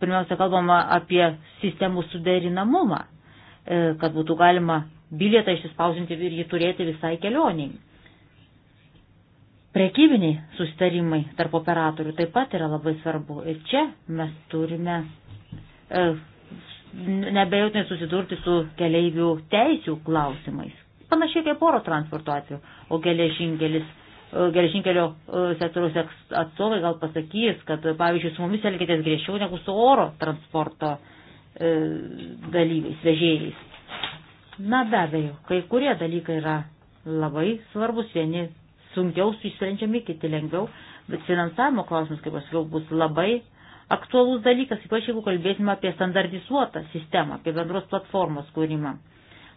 pirmiausia kalbama apie sistemų suderinamumą, e, kad būtų galima bilietą išsispausinti ir jį turėti visai kelioniai. Prekybiniai susitarimai tarp operatorių taip pat yra labai svarbu. Ir čia mes turime e, nebejotinai susidurti su keleivių teisių klausimais panašiai kaip oro transporto atveju, o geležinkelis. E, geležinkelio e, sektoriaus atstovai gal pasakys, kad e, pavyzdžiui, su mumis elgitės griežčiau negu su oro transporto e, dalyviais, vežėjais. Na be abejo, kai kurie dalykai yra labai svarbus, vieni sunkiau išsprendžiami, kiti lengviau, bet finansavimo klausimas, kaip aš sakiau, bus labai aktualus dalykas, ypač jeigu kalbėsime apie standardizuotą sistemą, apie bendros platformos kūrimą.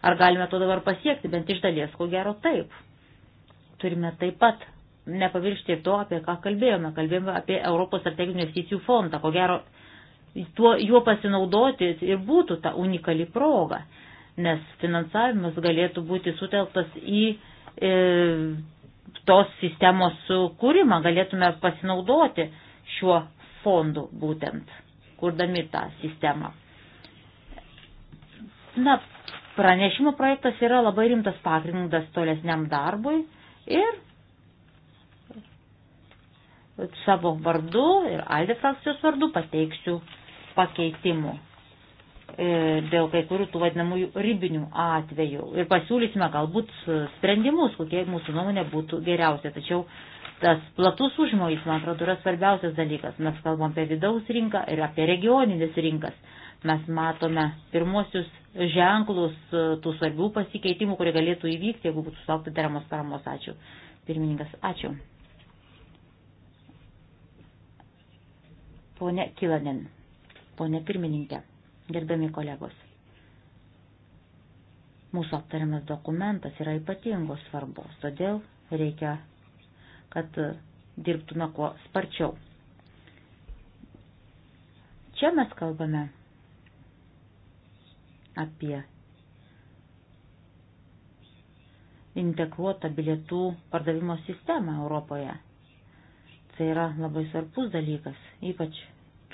Ar galime to dabar pasiekti, bent iš dalies, ko gero taip. Turime taip pat nepaviršti ir to, apie ką kalbėjome. Kalbėjome apie Europos strateginių investicijų fondą. Ko gero, tuo, juo pasinaudoti ir būtų ta unikali proga, nes finansavimas galėtų būti suteltas į e, tos sistemos sukūrimą, galėtume pasinaudoti šiuo fondu būtent, kurdami tą sistemą. Na, Pranešimo projektas yra labai rimtas pagrindas tolesniam darbui ir savo vardu ir Aldė frakcijos vardu pateiksiu pakeitimų e, dėl kai kurių tų vadinamųjų ribinių atvejų ir pasiūlysime galbūt sprendimus, kokie mūsų nuomonė būtų geriausia. Tačiau tas platus užmojis, man atrodo, yra svarbiausias dalykas. Mes kalbam apie vidaus rinką ir apie regioninės rinkas. Mes matome pirmosius ženklus e, tų svarbių pasikeitimų, kurie galėtų įvykti, jeigu būtų sulaukti deramos paramos. Ačiū. Pirmininkas, ačiū. Pone Kilanen, pone pirmininkė, gerbiami kolegos. Mūsų aptariamas dokumentas yra ypatingos svarbos, todėl reikia, kad dirbtume kuo sparčiau. Čia mes kalbame apie integruotą bilietų pardavimo sistemą Europoje. Tai yra labai svarbus dalykas, ypač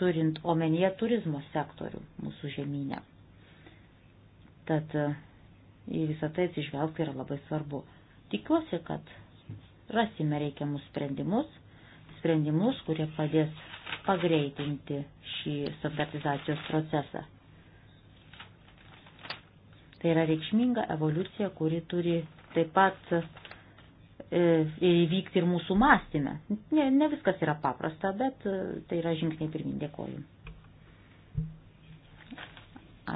turint omenyje turizmo sektorių mūsų žemynę. Tad e, į visą tai atsižvelgti yra labai svarbu. Tikiuosi, kad rasime reikiamus sprendimus, sprendimus, kurie padės pagreitinti šį standartizacijos procesą. Tai yra reikšminga evoliucija, kuri turi taip pat e, įvykti ir mūsų mąstymę. Ne, ne viskas yra paprasta, bet e, tai yra žingsniai pirmin. Dėkoju.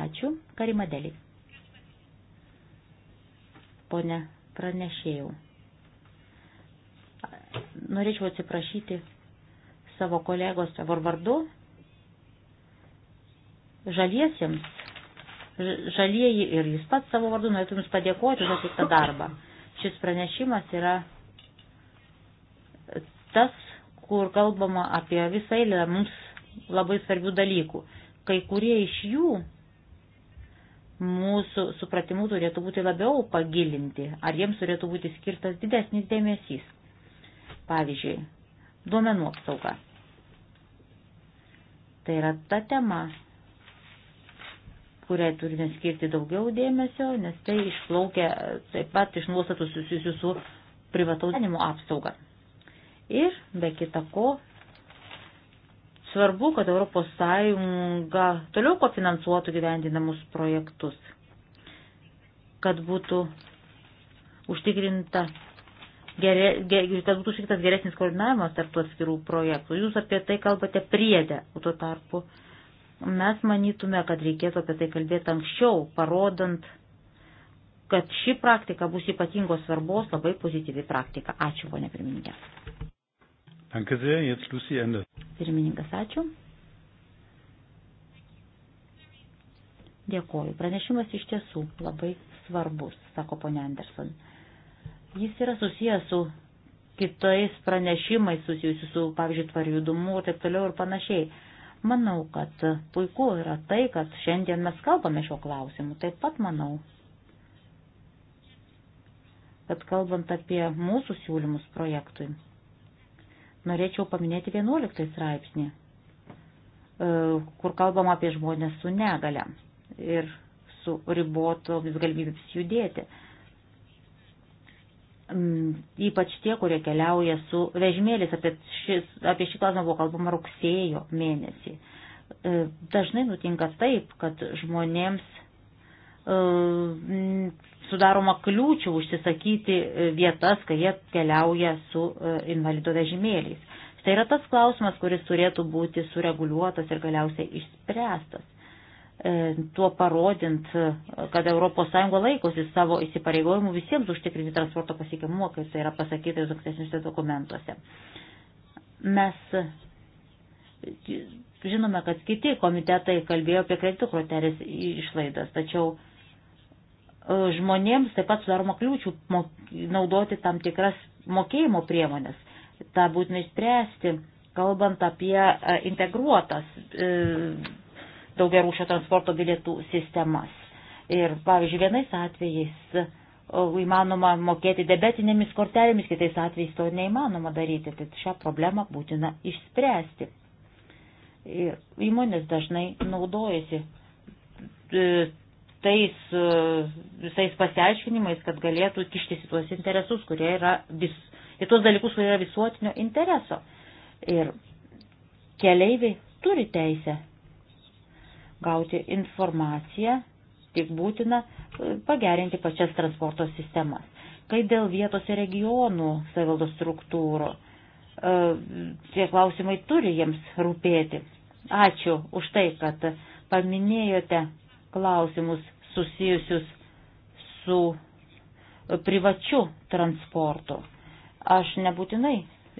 Ačiū. Karima Deli. Pone pranešėjau. Norėčiau atsiprašyti savo kolegos savo vardu žaliesiems žalieji ir jis pats savo vardu norėtų jums padėkoti už atliktą darbą. Šis pranešimas yra tas, kur kalbama apie visą eilę mums labai svarbių dalykų. Kai kurie iš jų mūsų supratimu turėtų būti labiau pagilinti, ar jiems turėtų būti skirtas didesnis dėmesys. Pavyzdžiui, duomenų apsauga. Tai yra ta tema, kuriai turime skirti daugiau dėmesio, nes tai išplaukia taip pat iš nuostatų susijusių su privataus gyvenimo apsauga. Ir be kita ko, svarbu, kad ES toliau kofinansuotų gyvendinamus projektus, kad būtų užtikrinta Gerė, ger, kad būtų šitas geresnis koordinavimas tarp tų atskirų projektų. Jūs apie tai kalbate priedę, o tuo tarpu uh, Mes manytume, kad reikėtų apie tai kalbėti anksčiau, parodant, kad ši praktika bus ypatingos svarbos, labai pozityvi praktika. Ačiū, ponė pirmininkė. Danke sehr, jetzt Lucy Ende. Pirmininkas, ačiū. Dėkoju. Pranešimas iš tiesų labai svarbus, sako ponė Anderson. Jis yra susijęs su kitais pranešimais susijusiu su, pavyzdžiui, tvariu judumu ir taip toliau ir panašiai. Manau, kad puiku yra tai, kad šiandien mes kalbame šio klausimu. Taip pat manau, kad kalbant apie mūsų siūlymus projektui, norėčiau paminėti 11 straipsnį, e, kur kalbam apie žmonės su negale ir su ribotomis galimybėmis judėti. Mm, ypač tie, kurie keliauja su vežimėlis. Apie, šis, apie šį klausimą buvo kalbama rugsėjo mėnesį. E, dažnai nutinka taip, kad žmonėms e, mm, sudaroma kliūčių užsisakyti e, vietas, kai jie keliauja su invalido vežimėliais. Tai yra tas klausimas, kuris turėtų būti sureguliuotas ir galiausiai išspręstas. E, tuo parodint, e, kad ES laikosi savo įsipareigojimų visiems užtikrinti transporto pasiekiamumą, kaip tai yra pasakyta jūs ankstesniuose dokumentuose. Mes e, žinome, kad kiti komitetai kalbėjo apie kreditų kortelės išlaidas, tačiau žmonėms taip pat sudaroma kliūčių naudoti tam tikras mokėjimo priemonės. Ta būtina išspręsti, kalbant apie integruotas daugia rūšio transporto bilietų sistemas. Ir, pavyzdžiui, vienais atvejais įmanoma mokėti debetinėmis kortelėmis, kitais atvejais to neįmanoma daryti. Tad šią problemą būtina išspręsti. Ir įmonės dažnai naudojasi e, tais e, visais pasiaiškinimais, kad galėtų kištis į tuos interesus, kurie yra vis, į tuos dalykus, kurie yra visuotinio intereso. Ir keleiviai turi teisę gauti informaciją, tik būtina e, pagerinti pačias transporto sistemas. Kai dėl vietos ir regionų savivaldos struktūrų, e, tie klausimai turi jiems rūpėti. Ačiū už tai, kad paminėjote klausimus susijusius su privačiu transportu. Aš nebūtinai,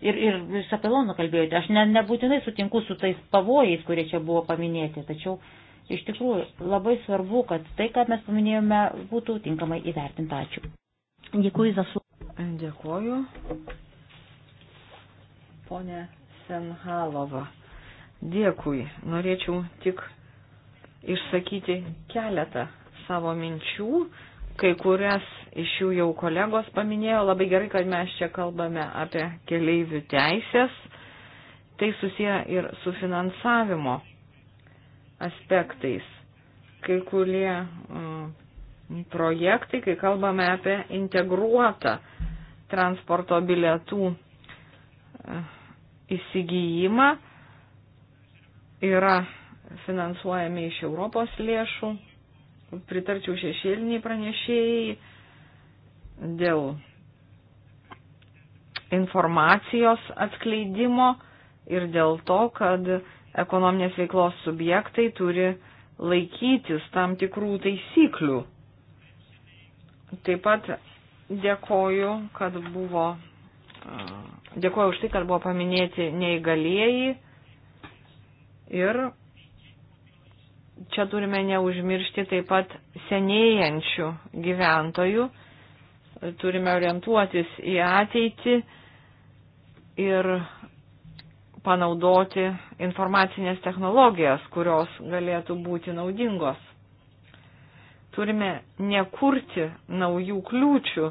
ir, ir jūs apie Loną kalbėjote, aš ne, nebūtinai sutinku su tais pavojais, kurie čia buvo paminėti, tačiau uh, Iš tikrųjų, labai svarbu, kad tai, ką mes paminėjome, būtų tinkamai įvertinta. Ačiū. Dėkui za su. Dėkuoju. Pone Senhalova, dėkui. Norėčiau tik išsakyti keletą savo minčių. Kai kurias iš jų jau kolegos paminėjo, labai gerai, kad mes čia kalbame apie keleivių teisės. Tai susiję ir su finansavimo aspektais. Kai kurie mm, projektai, kai kalbame apie integruotą transporto bilietų e, įsigijimą, yra finansuojami iš Europos lėšų. Pritarčiau šešėliniai pranešėjai dėl informacijos atskleidimo ir dėl to, kad ekonominės veiklos subjektai turi laikytis tam tikrų taisyklių. Taip pat dėkoju, kad buvo, dėkoju už tai, kad buvo paminėti neįgalieji ir čia turime neužmiršti taip pat senėjančių gyventojų, turime orientuotis į ateitį ir panaudoti informacinės technologijas, kurios galėtų būti naudingos. Turime nekurti naujų kliūčių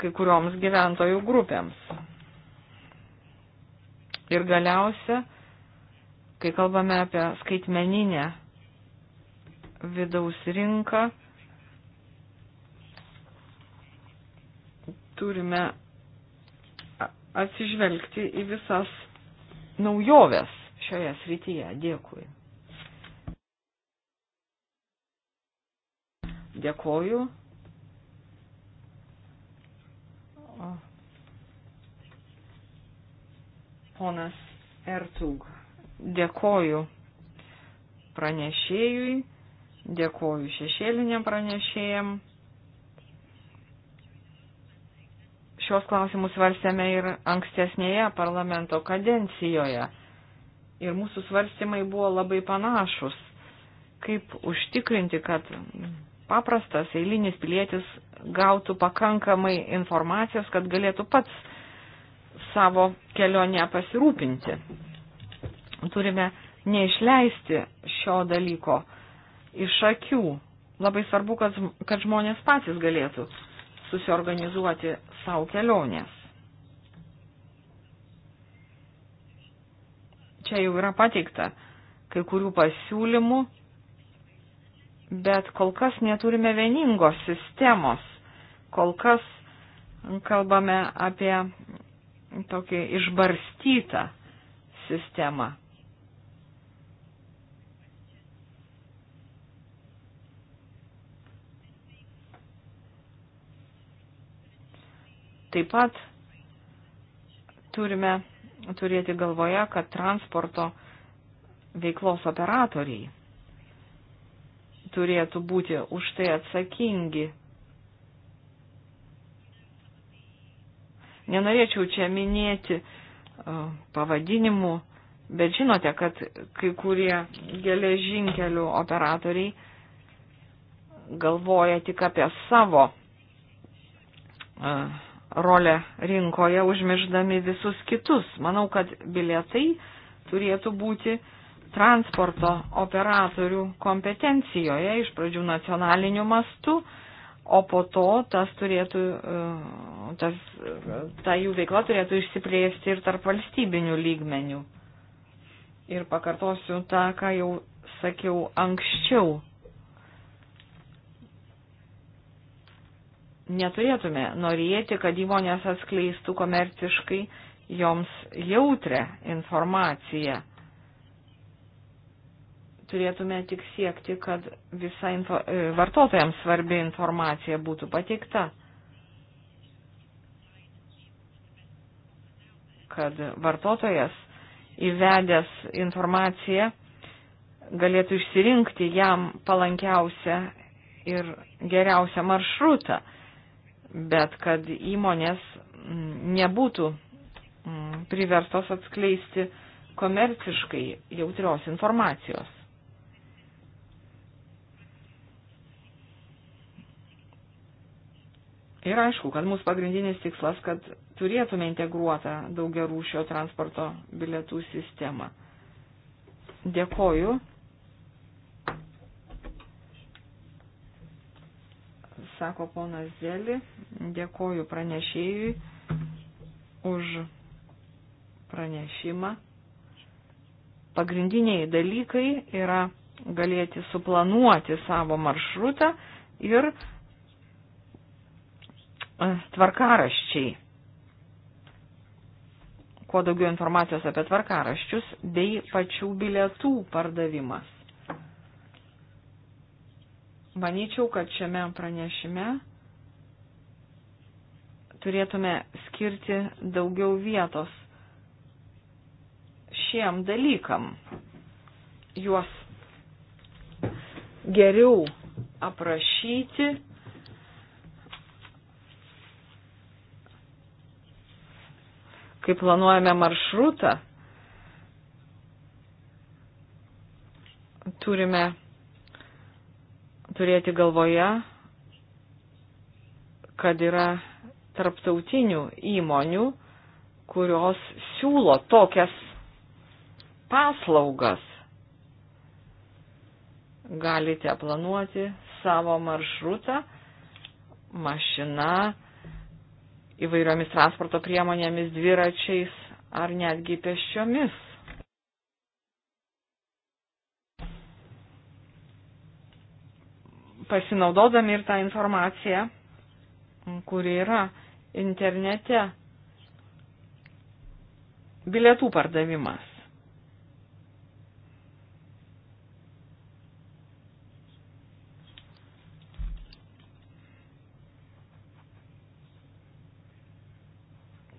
kai kurioms gyventojų grupėms. Ir galiausia, kai kalbame apie skaitmeninę vidaus rinką, turime atsižvelgti į visas naujoves šioje srityje. Dėkui. Dėkoju. O. Ponas Ertug. Dėkoju pranešėjui, dėkoju šešėliniam pranešėjam. šios klausimus svarstėme ir ankstesnėje parlamento kadencijoje. Ir mūsų svarstymai buvo labai panašus, kaip užtikrinti, kad paprastas eilinis pilietis gautų pakankamai informacijos, kad galėtų pats savo kelionę pasirūpinti. Turime neišleisti šio dalyko iš akių. Labai svarbu, kad, kad žmonės patys galėtų susiorganizuoti savo kelionės. Čia jau yra pateikta kai kurių pasiūlymų, bet kol kas neturime vieningos sistemos. Kol kas kalbame apie tokį išbarstytą sistemą. Taip pat turime turėti galvoje, kad transporto veiklos operatoriai turėtų būti už tai atsakingi. Nenorėčiau čia minėti e, pavadinimų, bet žinote, kad kai kurie geležinkelių operatoriai galvoja tik apie savo uh, rolę rinkoje, užmirždami visus kitus. Manau, kad bilietai turėtų būti transporto operatorių kompetencijoje, iš pradžių nacionaliniu mastu, o po to tas turėtų, e, tas, ta jų veikla turėtų išsiplėsti ir tarp valstybinių lygmenių. Ir pakartosiu tą, ką jau sakiau anksčiau. neturėtume norėti, kad įmonės atskleistų komerciškai joms jautrę informaciją. Turėtume tik siekti, kad visa info, e, vartotojams svarbi informacija būtų pateikta, kad vartotojas įvedęs informaciją galėtų išsirinkti jam palankiausią ir geriausią maršrutą bet kad įmonės nebūtų mm, priverstos atskleisti komerciškai jautrios informacijos. Ir aišku, kad mūsų pagrindinis tikslas, kad turėtume integruotą daugia rūšio transporto bilietų sistemą. Dėkoju. sako ponas Zeli. Dėkoju pranešėjui už pranešimą. Pagrindiniai dalykai yra galėti suplanuoti savo maršrutą ir e, tvarkaraščiai. Kuo daugiau informacijos apie tvarkaraščius bei pačių bilietų pardavimas manyčiau, kad šiame pranešime turėtume skirti daugiau vietos šiem dalykam, juos geriau aprašyti, kaip planuojame maršrutą, turime turėti galvoje, kad yra tarptautinių įmonių, kurios siūlo tokias paslaugas. Galite planuoti savo maršrutą mašina, įvairiomis transporto priemonėmis, dviračiais ar netgi pešiomis. pasinaudodami ir tą informaciją, kuri yra internete. Bilietų pardavimas.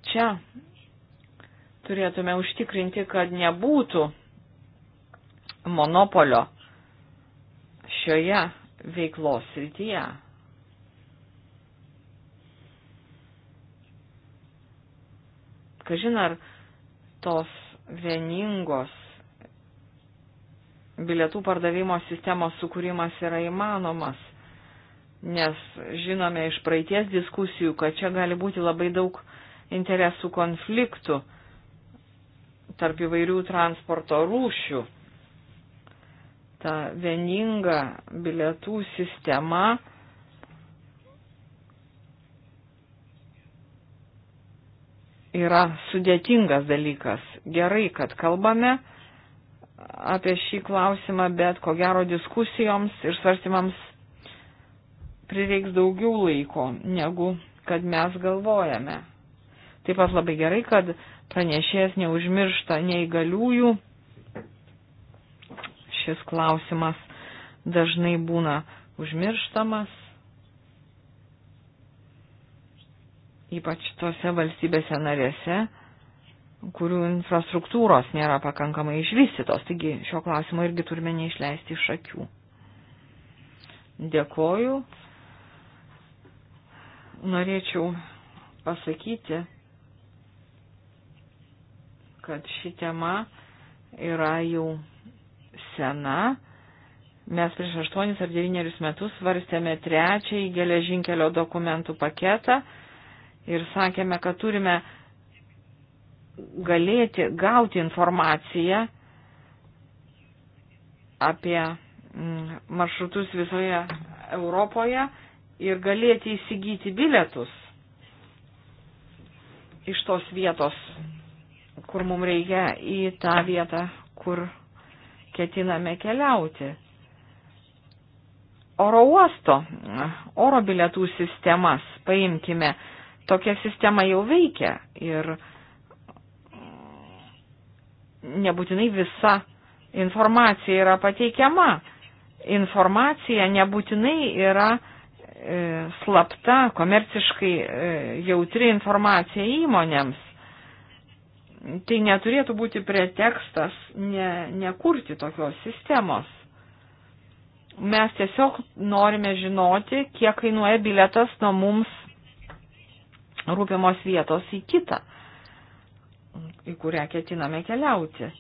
Čia turėtume užtikrinti, kad nebūtų monopolio šioje veiklos srityje. Kažin ar tos vieningos bilietų pardavimo sistemos sukūrimas yra įmanomas, nes žinome iš praeities diskusijų, kad čia gali būti labai daug interesų konfliktų tarp įvairių transporto rūšių ta vieninga bilietų sistema yra sudėtingas dalykas. Gerai, kad kalbame apie šį klausimą, bet ko gero diskusijoms ir svarstymams prireiks daugiau laiko, negu kad mes galvojame. Taip pat labai gerai, kad pranešėjas neužmiršta neįgaliųjų šis klausimas dažnai būna užmirštamas, ypač tose valstybėse narėse, kurių infrastruktūros nėra pakankamai išvystytos, taigi šio klausimo irgi turime neišleisti iš akių. Dėkoju. Norėčiau pasakyti, kad ši tema yra jau sena. Mes prieš aštuonis ar devynerius metus svarstėme trečiąjį geležinkelio dokumentų paketą ir sakėme, kad turime galėti gauti informaciją apie mm, maršrutus visoje Europoje ir galėti įsigyti bilietus iš tos vietos, kur mums reikia į tą vietą, kur ketiname keliauti. Oro uosto, oro bilietų sistemas, paimkime, tokia sistema jau veikia ir nebūtinai visa informacija yra pateikiama. Informacija nebūtinai yra e, slapta, komerciškai e, jautri informacija įmonėms tai neturėtų būti pretekstas ne, nekurti tokios sistemos. Mes tiesiog norime žinoti, kiek kainuoja biletas nuo mums rūpimos vietos į kitą, į kurią ketiname keliauti.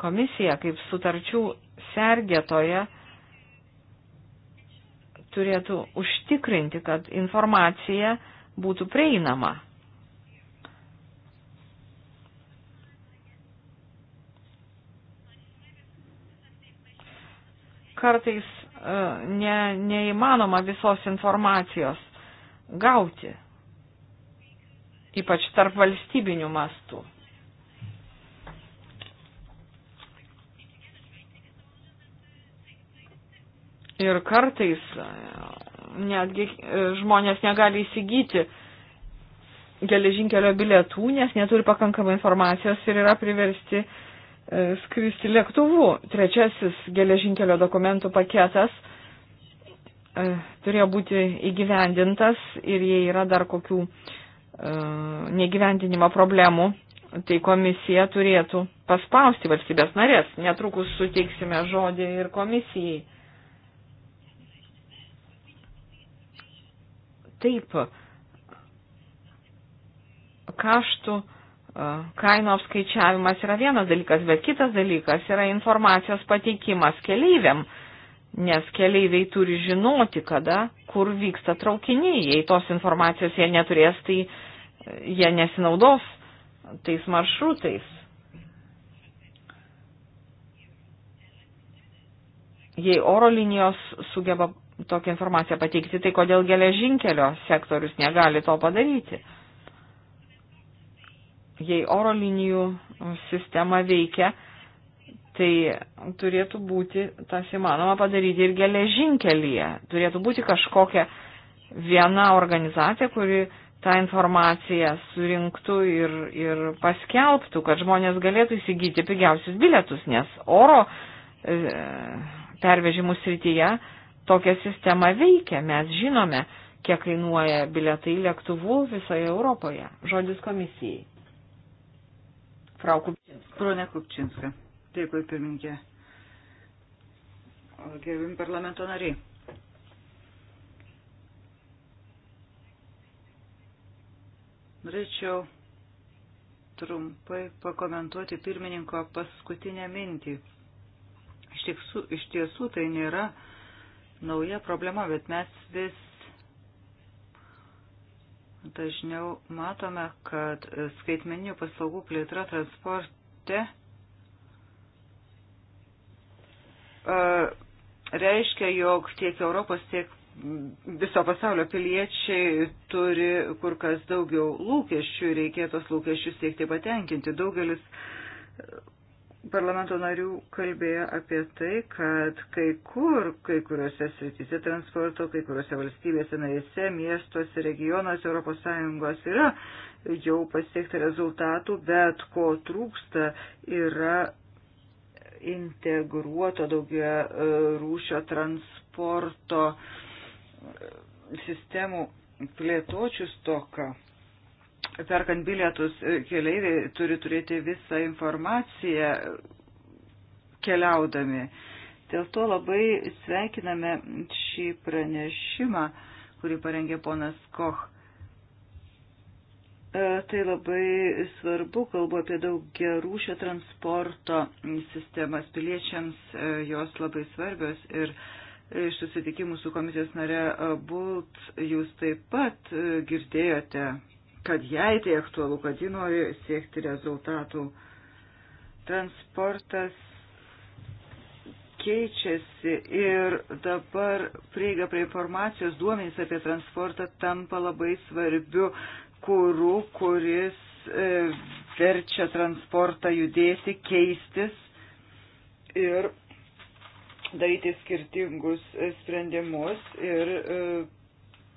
Komisija kaip sutarčių sergėtoje turėtų užtikrinti, kad informacija būtų prieinama kartais e, ne, neįmanoma visos informacijos gauti, ypač tarp valstybinių mastų. Ir kartais e, netgi e, žmonės negali įsigyti geležinkelio bilietų, nes neturi pakankamai informacijos ir yra priversti uh, E, skristi lėktuvu. Trečiasis geležinkelio dokumentų paketas e, turėjo būti įgyvendintas ir jei yra dar kokių e, negyvendinimo problemų, tai komisija turėtų paspausti valstybės narės. Netrukus suteiksime žodį ir komisijai. Taip, kaštų kainų apskaičiavimas yra vienas dalykas, bet kitas dalykas yra informacijos pateikimas keleiviam, nes keleiviai turi žinoti, kada, kur vyksta traukiniai. Jei tos informacijos jie neturės, tai e, jie nesinaudos tais maršrutais. Jei oro linijos sugeba tokią informaciją pateikti, tai kodėl geležinkelio sektorius negali to padaryti? jei oro linijų sistema veikia, tai turėtų būti tas įmanoma padaryti ir geležinkelyje. Turėtų būti kažkokia viena organizacija, kuri tą informaciją surinktų ir, ir paskelbtų, kad žmonės galėtų įsigyti pigiausius bilietus, nes oro e, pervežimų srityje tokia sistema veikia. Mes žinome, kiek kainuoja bilietai lėktuvų visoje Europoje. Žodis komisijai. Frau Kupčinska. Pronė Kupčinska. Dėkui, pirmininkė. Gerbim parlamento nariai. Norėčiau trumpai pakomentuoti pirmininko paskutinę mintį. Iš tiesų, iš tiesų tai nėra nauja problema, bet mes vis dažniau matome, kad skaitmeninių paslaugų plėtra transporte e, reiškia, jog tiek Europos, tiek viso pasaulio piliečiai turi kur kas daugiau lūkesčių ir reikėtos lūkesčius siekti patenkinti. Daugelis parlamento narių kalbėjo apie tai, kad kai kur, kai kuriuose srityse transporto, kai kuriuose valstybėse narėse, miestuose, regionuose ES yra jau pasiekta rezultatų, bet ko trūksta yra integruoto daugia e, rūšio transporto e, sistemų plėtočių stoka perkant bilietus, e, keleiviai turi turėti visą informaciją e, keliaudami. Dėl to labai sveikiname šį pranešimą, kurį parengė ponas Koch. E, tai labai svarbu, kalbu apie daug gerų šio transporto sistemas piliečiams, jos labai svarbios ir iš susitikimų su komisijos nare Bult jūs taip pat girdėjote kad jai tai aktualu, kad ji nori siekti rezultatų. Transportas keičiasi ir dabar prieiga prie informacijos duomenys apie transportą tampa labai svarbiu kūrų, kuris e, verčia transportą judėti, keistis ir daryti skirtingus sprendimus ir e,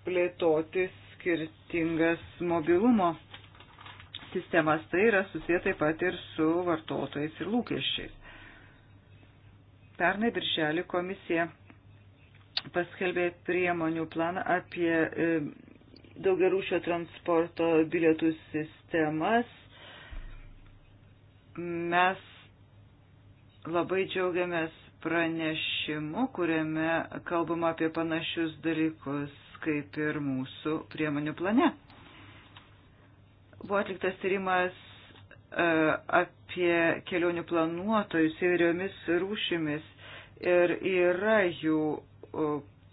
plėtotis skirtingas mobilumo sistemas. Tai yra susiję taip pat ir su vartotojais ir lūkesčiais. Pernai birželį komisija paskelbė priemonių planą apie e, daugiarūšio transporto bilietų sistemas. Mes labai džiaugiamės pranešimu, kuriame kalbama apie panašius dalykus kaip ir mūsų priemonių plane. Buvo atliktas tyrimas e, apie kelionių planuotojus įvairiomis rūšimis ir yra jų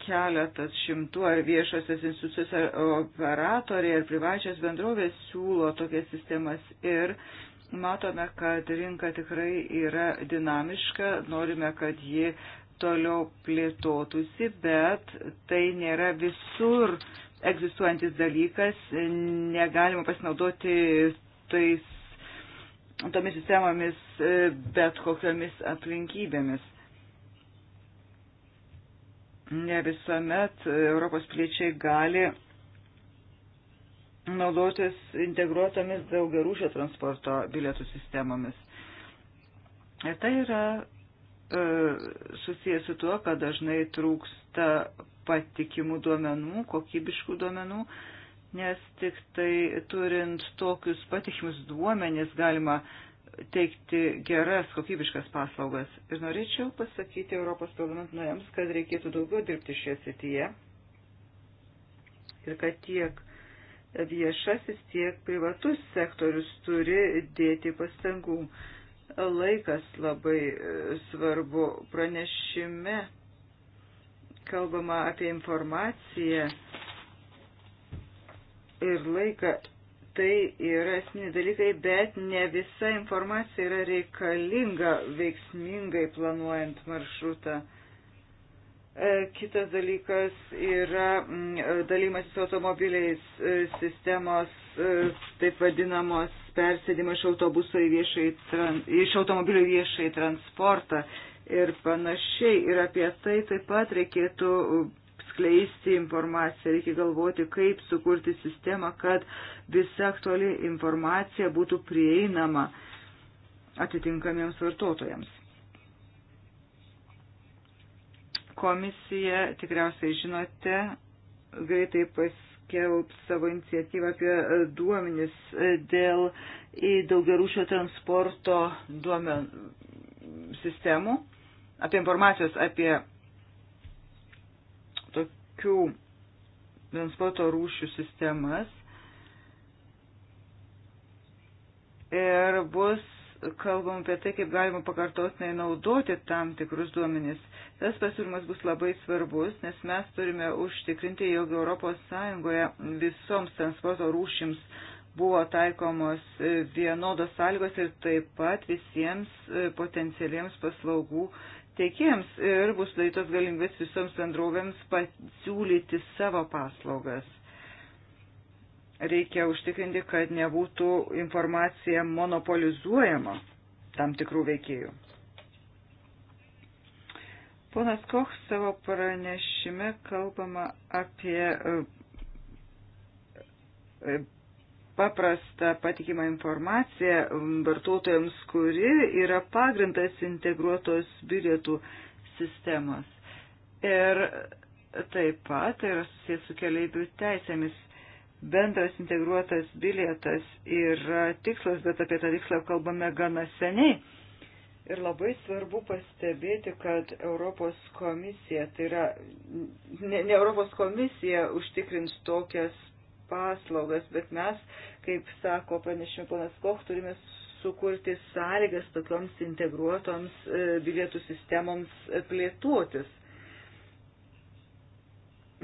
keletas šimtų ar viešasis institucijos ar operatoriai ar privačios bendrovės siūlo tokias sistemas ir matome, kad rinka tikrai yra dinamiška, norime, kad ji toliau plėtotųsi, bet tai nėra visur egzistuojantis dalykas, negalima pasinaudoti tais, tomis sistemomis e, bet kokiamis aplinkybėmis. Ne visuomet Europos piliečiai gali naudotis integruotomis daugiarūšio transporto bilietų sistemomis. Ir tai yra E, susijęs su tuo, kad dažnai trūksta patikimų duomenų, kokybiškų duomenų, nes tik tai turint tokius patikimus duomenys galima teikti geras, kokybiškas paslaugas. Ir norėčiau pasakyti Europos parlamento nariams, kad reikėtų daugiau dirbti šioje srityje ir kad tiek viešasis, tiek privatus sektorius turi dėti pastangų. Uh, Laikas labai e, svarbu pranešime. Kalbama apie informaciją ir laiką. Tai yra esminiai dalykai, bet ne visa informacija yra reikalinga veiksmingai planuojant maršrutą. E, kitas dalykas yra mm, e, dalymasis automobiliais e, sistemos, taip vadinamos, persėdimo iš, viešai, iš automobilių viešai transportą ir panašiai. Ir apie tai taip pat reikėtų skleisti informaciją, reikia galvoti, kaip sukurti sistemą, kad visa aktuali informacija būtų prieinama atitinkamiems vartotojams. Komisija, tikriausiai žinote, greitai paskelbs savo iniciatyvą apie duomenis dėl daugiarūšio transporto duomenų sistemų, apie informacijos apie tokių transporto rūšių sistemas. Ir bus kalbam apie tai, kaip galima pakartotinai naudoti tam tikrus duomenys. Tas pasiūlymas bus labai svarbus, nes mes turime užtikrinti, jog ES visoms transporto rūšims buvo taikomos e, vienodos sąlygos ir taip pat visiems e, potencialiems paslaugų teikėjams ir bus sudarytos galimybės visoms bendrovėms pasiūlyti savo paslaugas. Reikia užtikrinti, kad nebūtų informacija monopolizuojama tam tikrų veikėjų. Ponas Koch savo pranešime kalbama apie e, e, paprastą patikimą informaciją vartotojams, kuri yra pagrindas integruotos bilietų sistemos. Ir taip pat yra susijęs su keliaivių teisėmis. Bendras integruotas bilietas yra tikslas, bet apie tą tikslą kalbame gana seniai Ir labai svarbu pastebėti, kad Europos komisija, tai yra ne, ne Europos komisija užtikrins tokias paslaugas, bet mes, kaip sako pranešimų ponas Koch, turime sukurti sąlygas tokioms integruotoms e, bilietų sistemoms e, plėtuotis.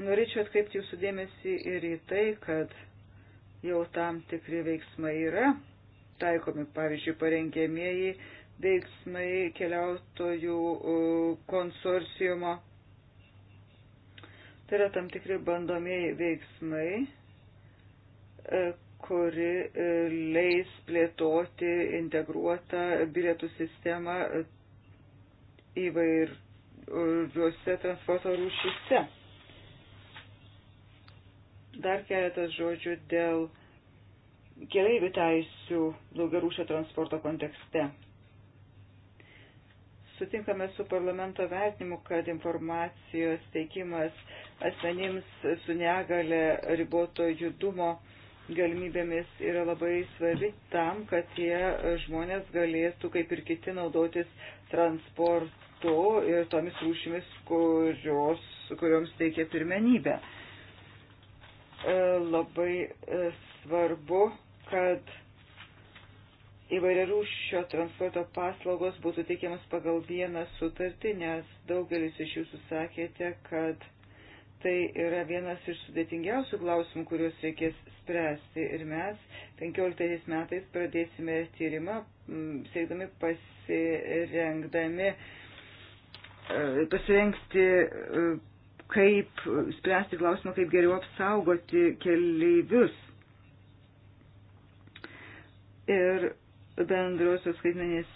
Norėčiau atkreipti jūsų dėmesį ir į tai, kad jau tam tikri veiksmai yra taikomi, pavyzdžiui, parengėmieji veiksmai keliautojų e, konsorciumo. Tai yra tam tikri bandomieji veiksmai, e, kuri e, leis plėtoti integruotą bilietų sistemą įvairiuose transporto rūšyse. Dar keletas žodžių dėl keleivių teisių daugiarūšio transporto kontekste sutinkame su parlamento vertinimu, kad informacijos teikimas asmenims su negale riboto judumo galimybėmis yra labai svarbi tam, kad tie žmonės galėtų, kaip ir kiti, naudotis transportu ir tomis rūšimis, kurios, kurioms teikia pirmenybę. E, labai e, svarbu, kad įvairiarūšio transporto paslaugos būtų teikiamas pagal vieną sutartį, nes daugelis iš jūsų sakėte, kad tai yra vienas iš sudėtingiausių klausimų, kuriuos reikės spręsti. Ir mes 15 metais pradėsime tyrimą, siekdami pasirengdami, e, pasirengti, e, kaip spręsti klausimą, kaip geriau apsaugoti keleivius. Ir bendrosios skaitmenės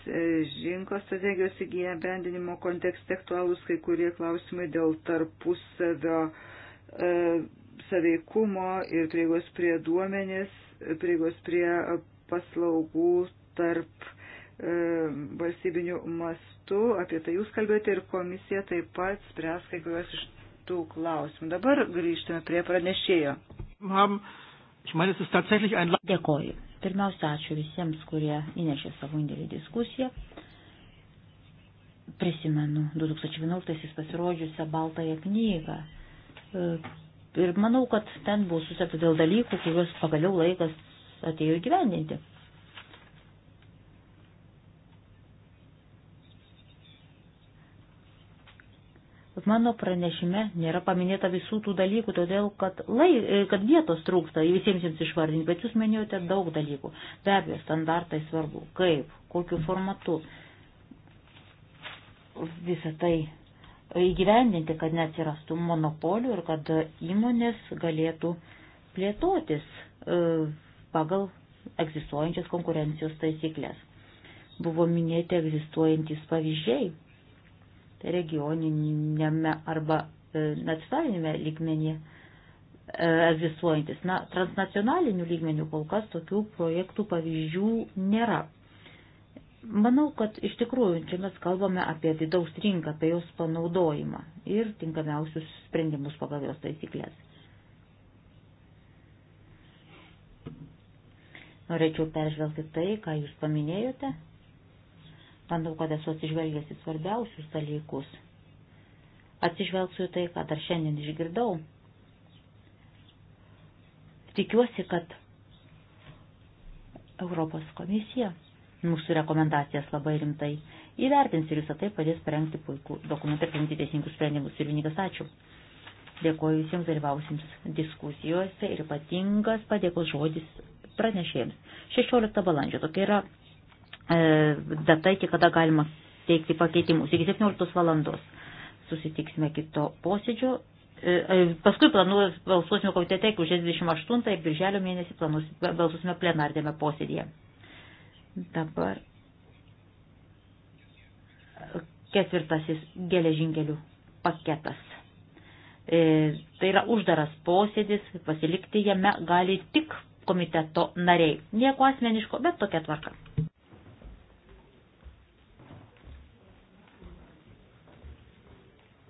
žinkos e, strategijos įgyvendinimo kontekste aktualūs kai kurie klausimai dėl tarpusavio e, saveikumo ir prieigos prie duomenės, prieigos prie paslaugų tarp e, valstybinių mastų. Apie tai jūs kalbėjote ir komisija taip pat spręs kai kuriuos iš tų klausimų. Dabar grįžtame prie pranešėjo. Dėkoju. Pirmiausia, ačiū visiems, kurie įnešė savo indėlį į diskusiją. Prisimenu 2011 pasirodžiusią baltąją knygą. E, ir manau, kad ten buvo susėta dėl dalykų, kuriuos pagaliau laikas atėjo įgyvendinti. Mano pranešime nėra paminėta visų tų dalykų, todėl kad, lai, kad vietos trūksta visiems jums išvardinti, bet jūs minėjote daug dalykų. Be abejo, standartai svarbu, kaip, kokiu formatu visą tai įgyvendinti, kad neatsirastų monopolių ir kad įmonės galėtų plėtotis e, pagal egzistuojančias konkurencijos taisyklės. Buvo minėti egzistuojantis pavyzdžiai regioninėme arba e, nacionalinėme lygmenyje e, egzistuojantis. Na, transnacionalinių lygmenių kol kas tokių projektų pavyzdžių nėra. Manau, kad iš tikrųjų čia mes kalbame apie vidaus rinką, apie jos panaudojimą ir tinkamiausius sprendimus pagal jos taisyklės. Norėčiau peržvelgti tai, ką jūs paminėjote. Manau, kad esu atsižvelgęs į svarbiausius dalykus. Atsižvelgsiu į tai, ką dar šiandien išgirdau. Tikiuosi, kad Europos komisija mūsų rekomendacijas labai rimtai įvertins ir visą tai padės parengti puikų dokumentą ir priimti teisingus sprendimus. Pirmininkas, ačiū. Dėkuoju visiems dalyvausiems diskusijose ir ypatingas padėkos žodis pranešėjams. 16 balandžio tokia yra E, data, iki kada galima teikti pakeitimus. Iki 17 valandos susitiksime kito posėdžio. E, e, paskui planuos, balsuosime komitete, už 28 ir birželio mėnesį planuos, balsuosime plenardėme posėdėje. Dabar ketvirtasis geležinkelių paketas. E, tai yra uždaras posėdis, pasilikti jame gali tik komiteto nariai. Nieko asmeniško, bet tokia tvarka.